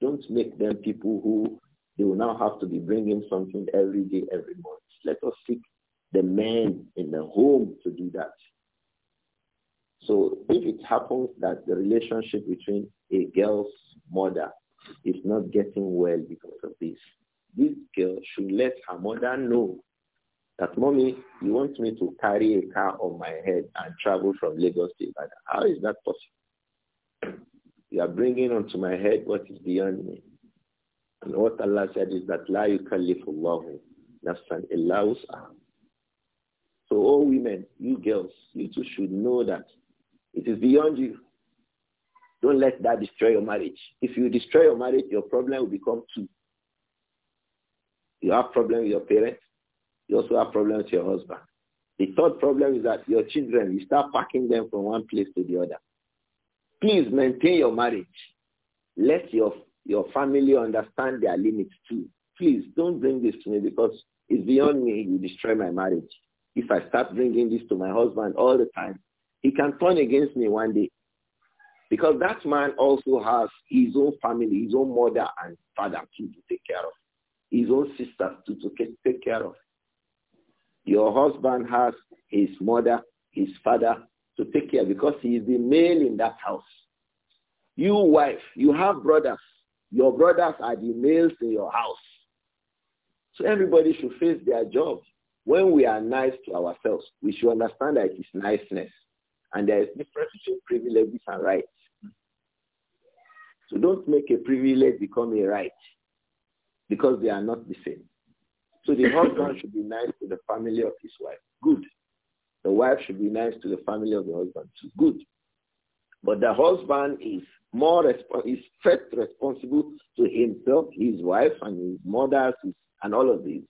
Don't make them people who they will now have to be bringing something every day, every month. Let us seek the men in the home to do that. So if it happens that the relationship between a girl's mother is not getting well because of this, this girl should let her mother know that, mommy, you want me to carry a car on my head and travel from Lagos to Ibadan. How is that possible? You are bringing onto my head what is beyond me. And what Allah said is that, لا يكلف الله نفسا إلا وسعها. So all oh women, you girls, you too should know that it is beyond you. Don't let that destroy your marriage. If you destroy your marriage, your problem will become two. You have problem with your parents, you also have problems with your husband. The third problem is that your children, you start packing them from one place to the other. Please maintain your marriage. Let your, your family understand their limits too. Please don't bring this to me because it's beyond me. You destroy my marriage. If I start bringing this to my husband all the time, he can turn against me one day. Because that man also has his own family, his own mother and father too to take care of. His own sisters too to take care of. Your husband has his mother, his father to take care because he is the male in that house. You wife, you have brothers. Your brothers are the males in your house. So everybody should face their job. When we are nice to ourselves, we should understand that it is niceness. And there is difference between privileges and rights. So don't make a privilege become a right because they are not the same. So the (laughs) husband should be nice to the family of his wife. Good. The wife should be nice to the family of the husband too. Good. But the husband is more is first responsible to himself, his wife, and his mother, and all of these.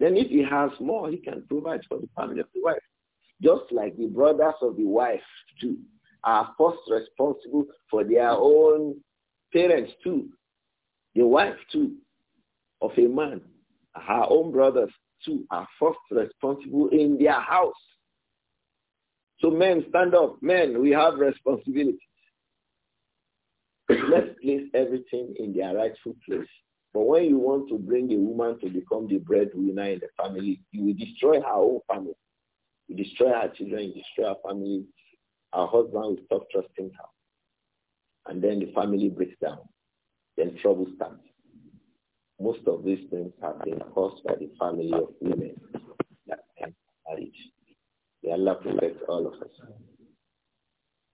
Then if he has more, he can provide for the family of the wife. Just like the brothers of the wife too are first responsible for their own parents too, the wife too of a man her own brothers too are first responsible in their house. So men, stand up. Men, we have responsibilities. (coughs) Let's place everything in their rightful place. But when you want to bring a woman to become the breadwinner in the family, you will destroy her own family. You destroy her children, you destroy her family. Her husband will stop trusting her. And then the family breaks down. Then trouble starts most of these things have been caused by the family of women that end marriage. May Allah protect all of us.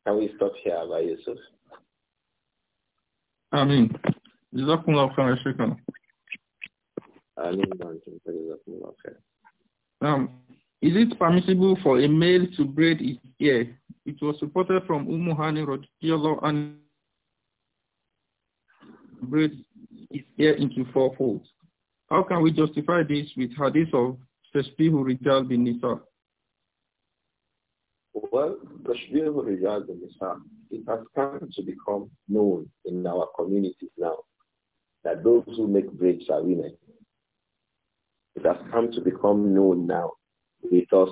Can we stop here, Abba Yusuf? Ameen. Jazakumullah khairan, shukran. Ameen. Um, is it permissible for a male to braid his hair? It was reported from Umu Hani and braid its hair into four folds. How can we justify this with hadith of Tashbihu Rijal bin Nisa? Well, Tashbihu Rijal bin Nisa, it has come to become known in our communities now that those who make braids are women. It has come to become known now with us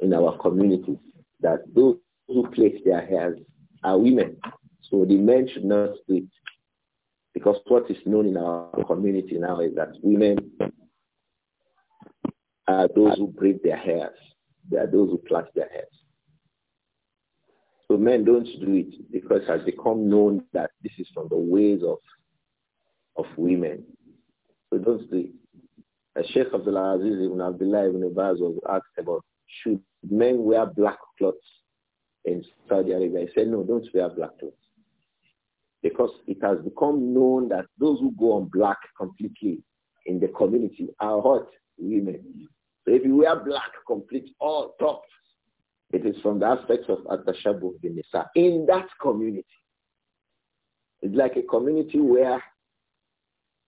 in our communities that those who place their hairs are women. So the men should not speak. Because what is known in our community now is that women are those who braid their hairs. They are those who plait their hairs. So men don't do it because it has become known that this is from the ways of of women. So don't do it. A Sheikh Abdullah Aziz ibn Abdullah ibn Abbas was asked about should men wear black clothes in Saudi Arabia. He said, no, don't wear black clothes because it has become known that those who go on black completely in the community are hot women. So if you wear black complete all top, it is from the aspects of Atashabu bin in that community. It's like a community where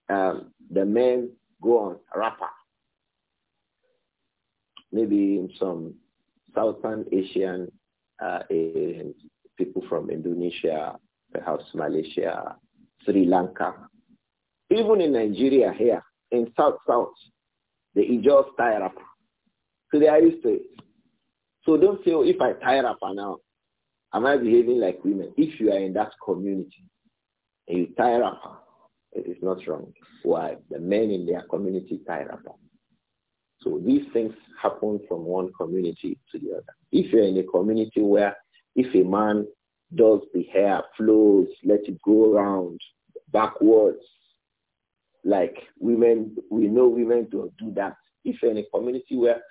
um, the men go on rapper. Maybe in some Southern Asian uh, in people from Indonesia, perhaps Malaysia, Sri Lanka, even in Nigeria here, in South South, the Ijaws tire up. So they are used to it. So don't say, oh, if I tire up now, am I behaving like women? If you are in that community and you tire up, it is not wrong. Why? The men in their community tire up. So these things happen from one community to the other. If you're in a community where if a man does the hair flows, let it go around backwards. Like women, we know women don't do that. If in a community where,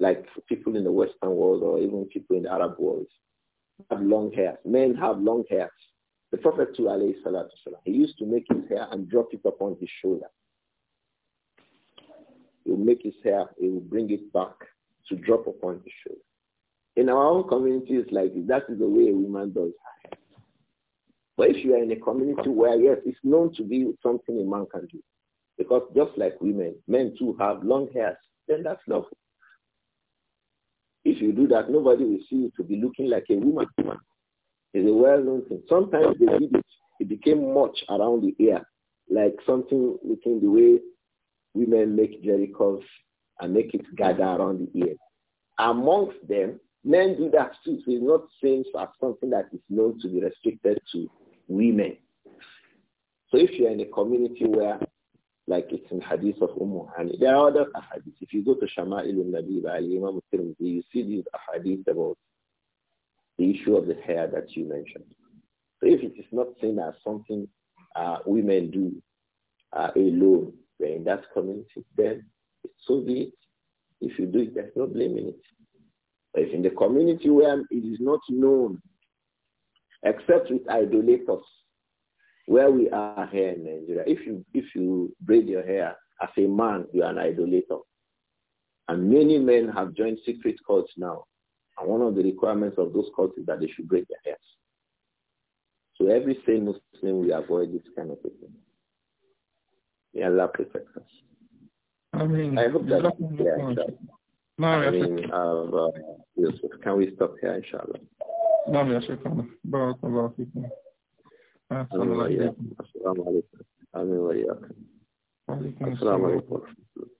like people in the Western world or even people in the Arab world have long hair, men have long hair. The Prophet too, salatu salam, he used to make his hair and drop it upon his shoulder. He would make his hair, he would bring it back to drop upon his shoulder. In our own community, it's like That is the way a woman does her hair. But if you are in a community where, yes, it's known to be something a man can do, because just like women, men too have long hairs, then that's love. If you do that, nobody will see you to be looking like a woman. It's a well-known thing. Sometimes they did it. It became much around the ear, like something looking the way women make jerry curls and make it gather around the ear. Amongst them, Men do that too, so it's not seen as something that is known to be restricted to women. So if you're in a community where, like it's in hadith of Umm Hani, there are other ahadith. If you go to Shama'il al-Nabi by Imam Tirmidhi, you see these ahadith about the issue of the hair that you mentioned. So if it is not seen as something uh, women do uh, alone, in that community, then so be it. If you do it, there's no blame in it in the community where it is not known, except with idolaters, where we are here in Nigeria, if you, if you braid your hair as a man, you are an idolator. And many men have joined secret cults now. And one of the requirements of those cults is that they should braid their hairs. So every sane Muslim we avoid this kind of thing. May Allah protect us. I mean, I hope that, yeah, I mean, uh, can we stop here, inshallah? No, yes, we alaikum. Assalamu alaikum. Assalamu alaikum.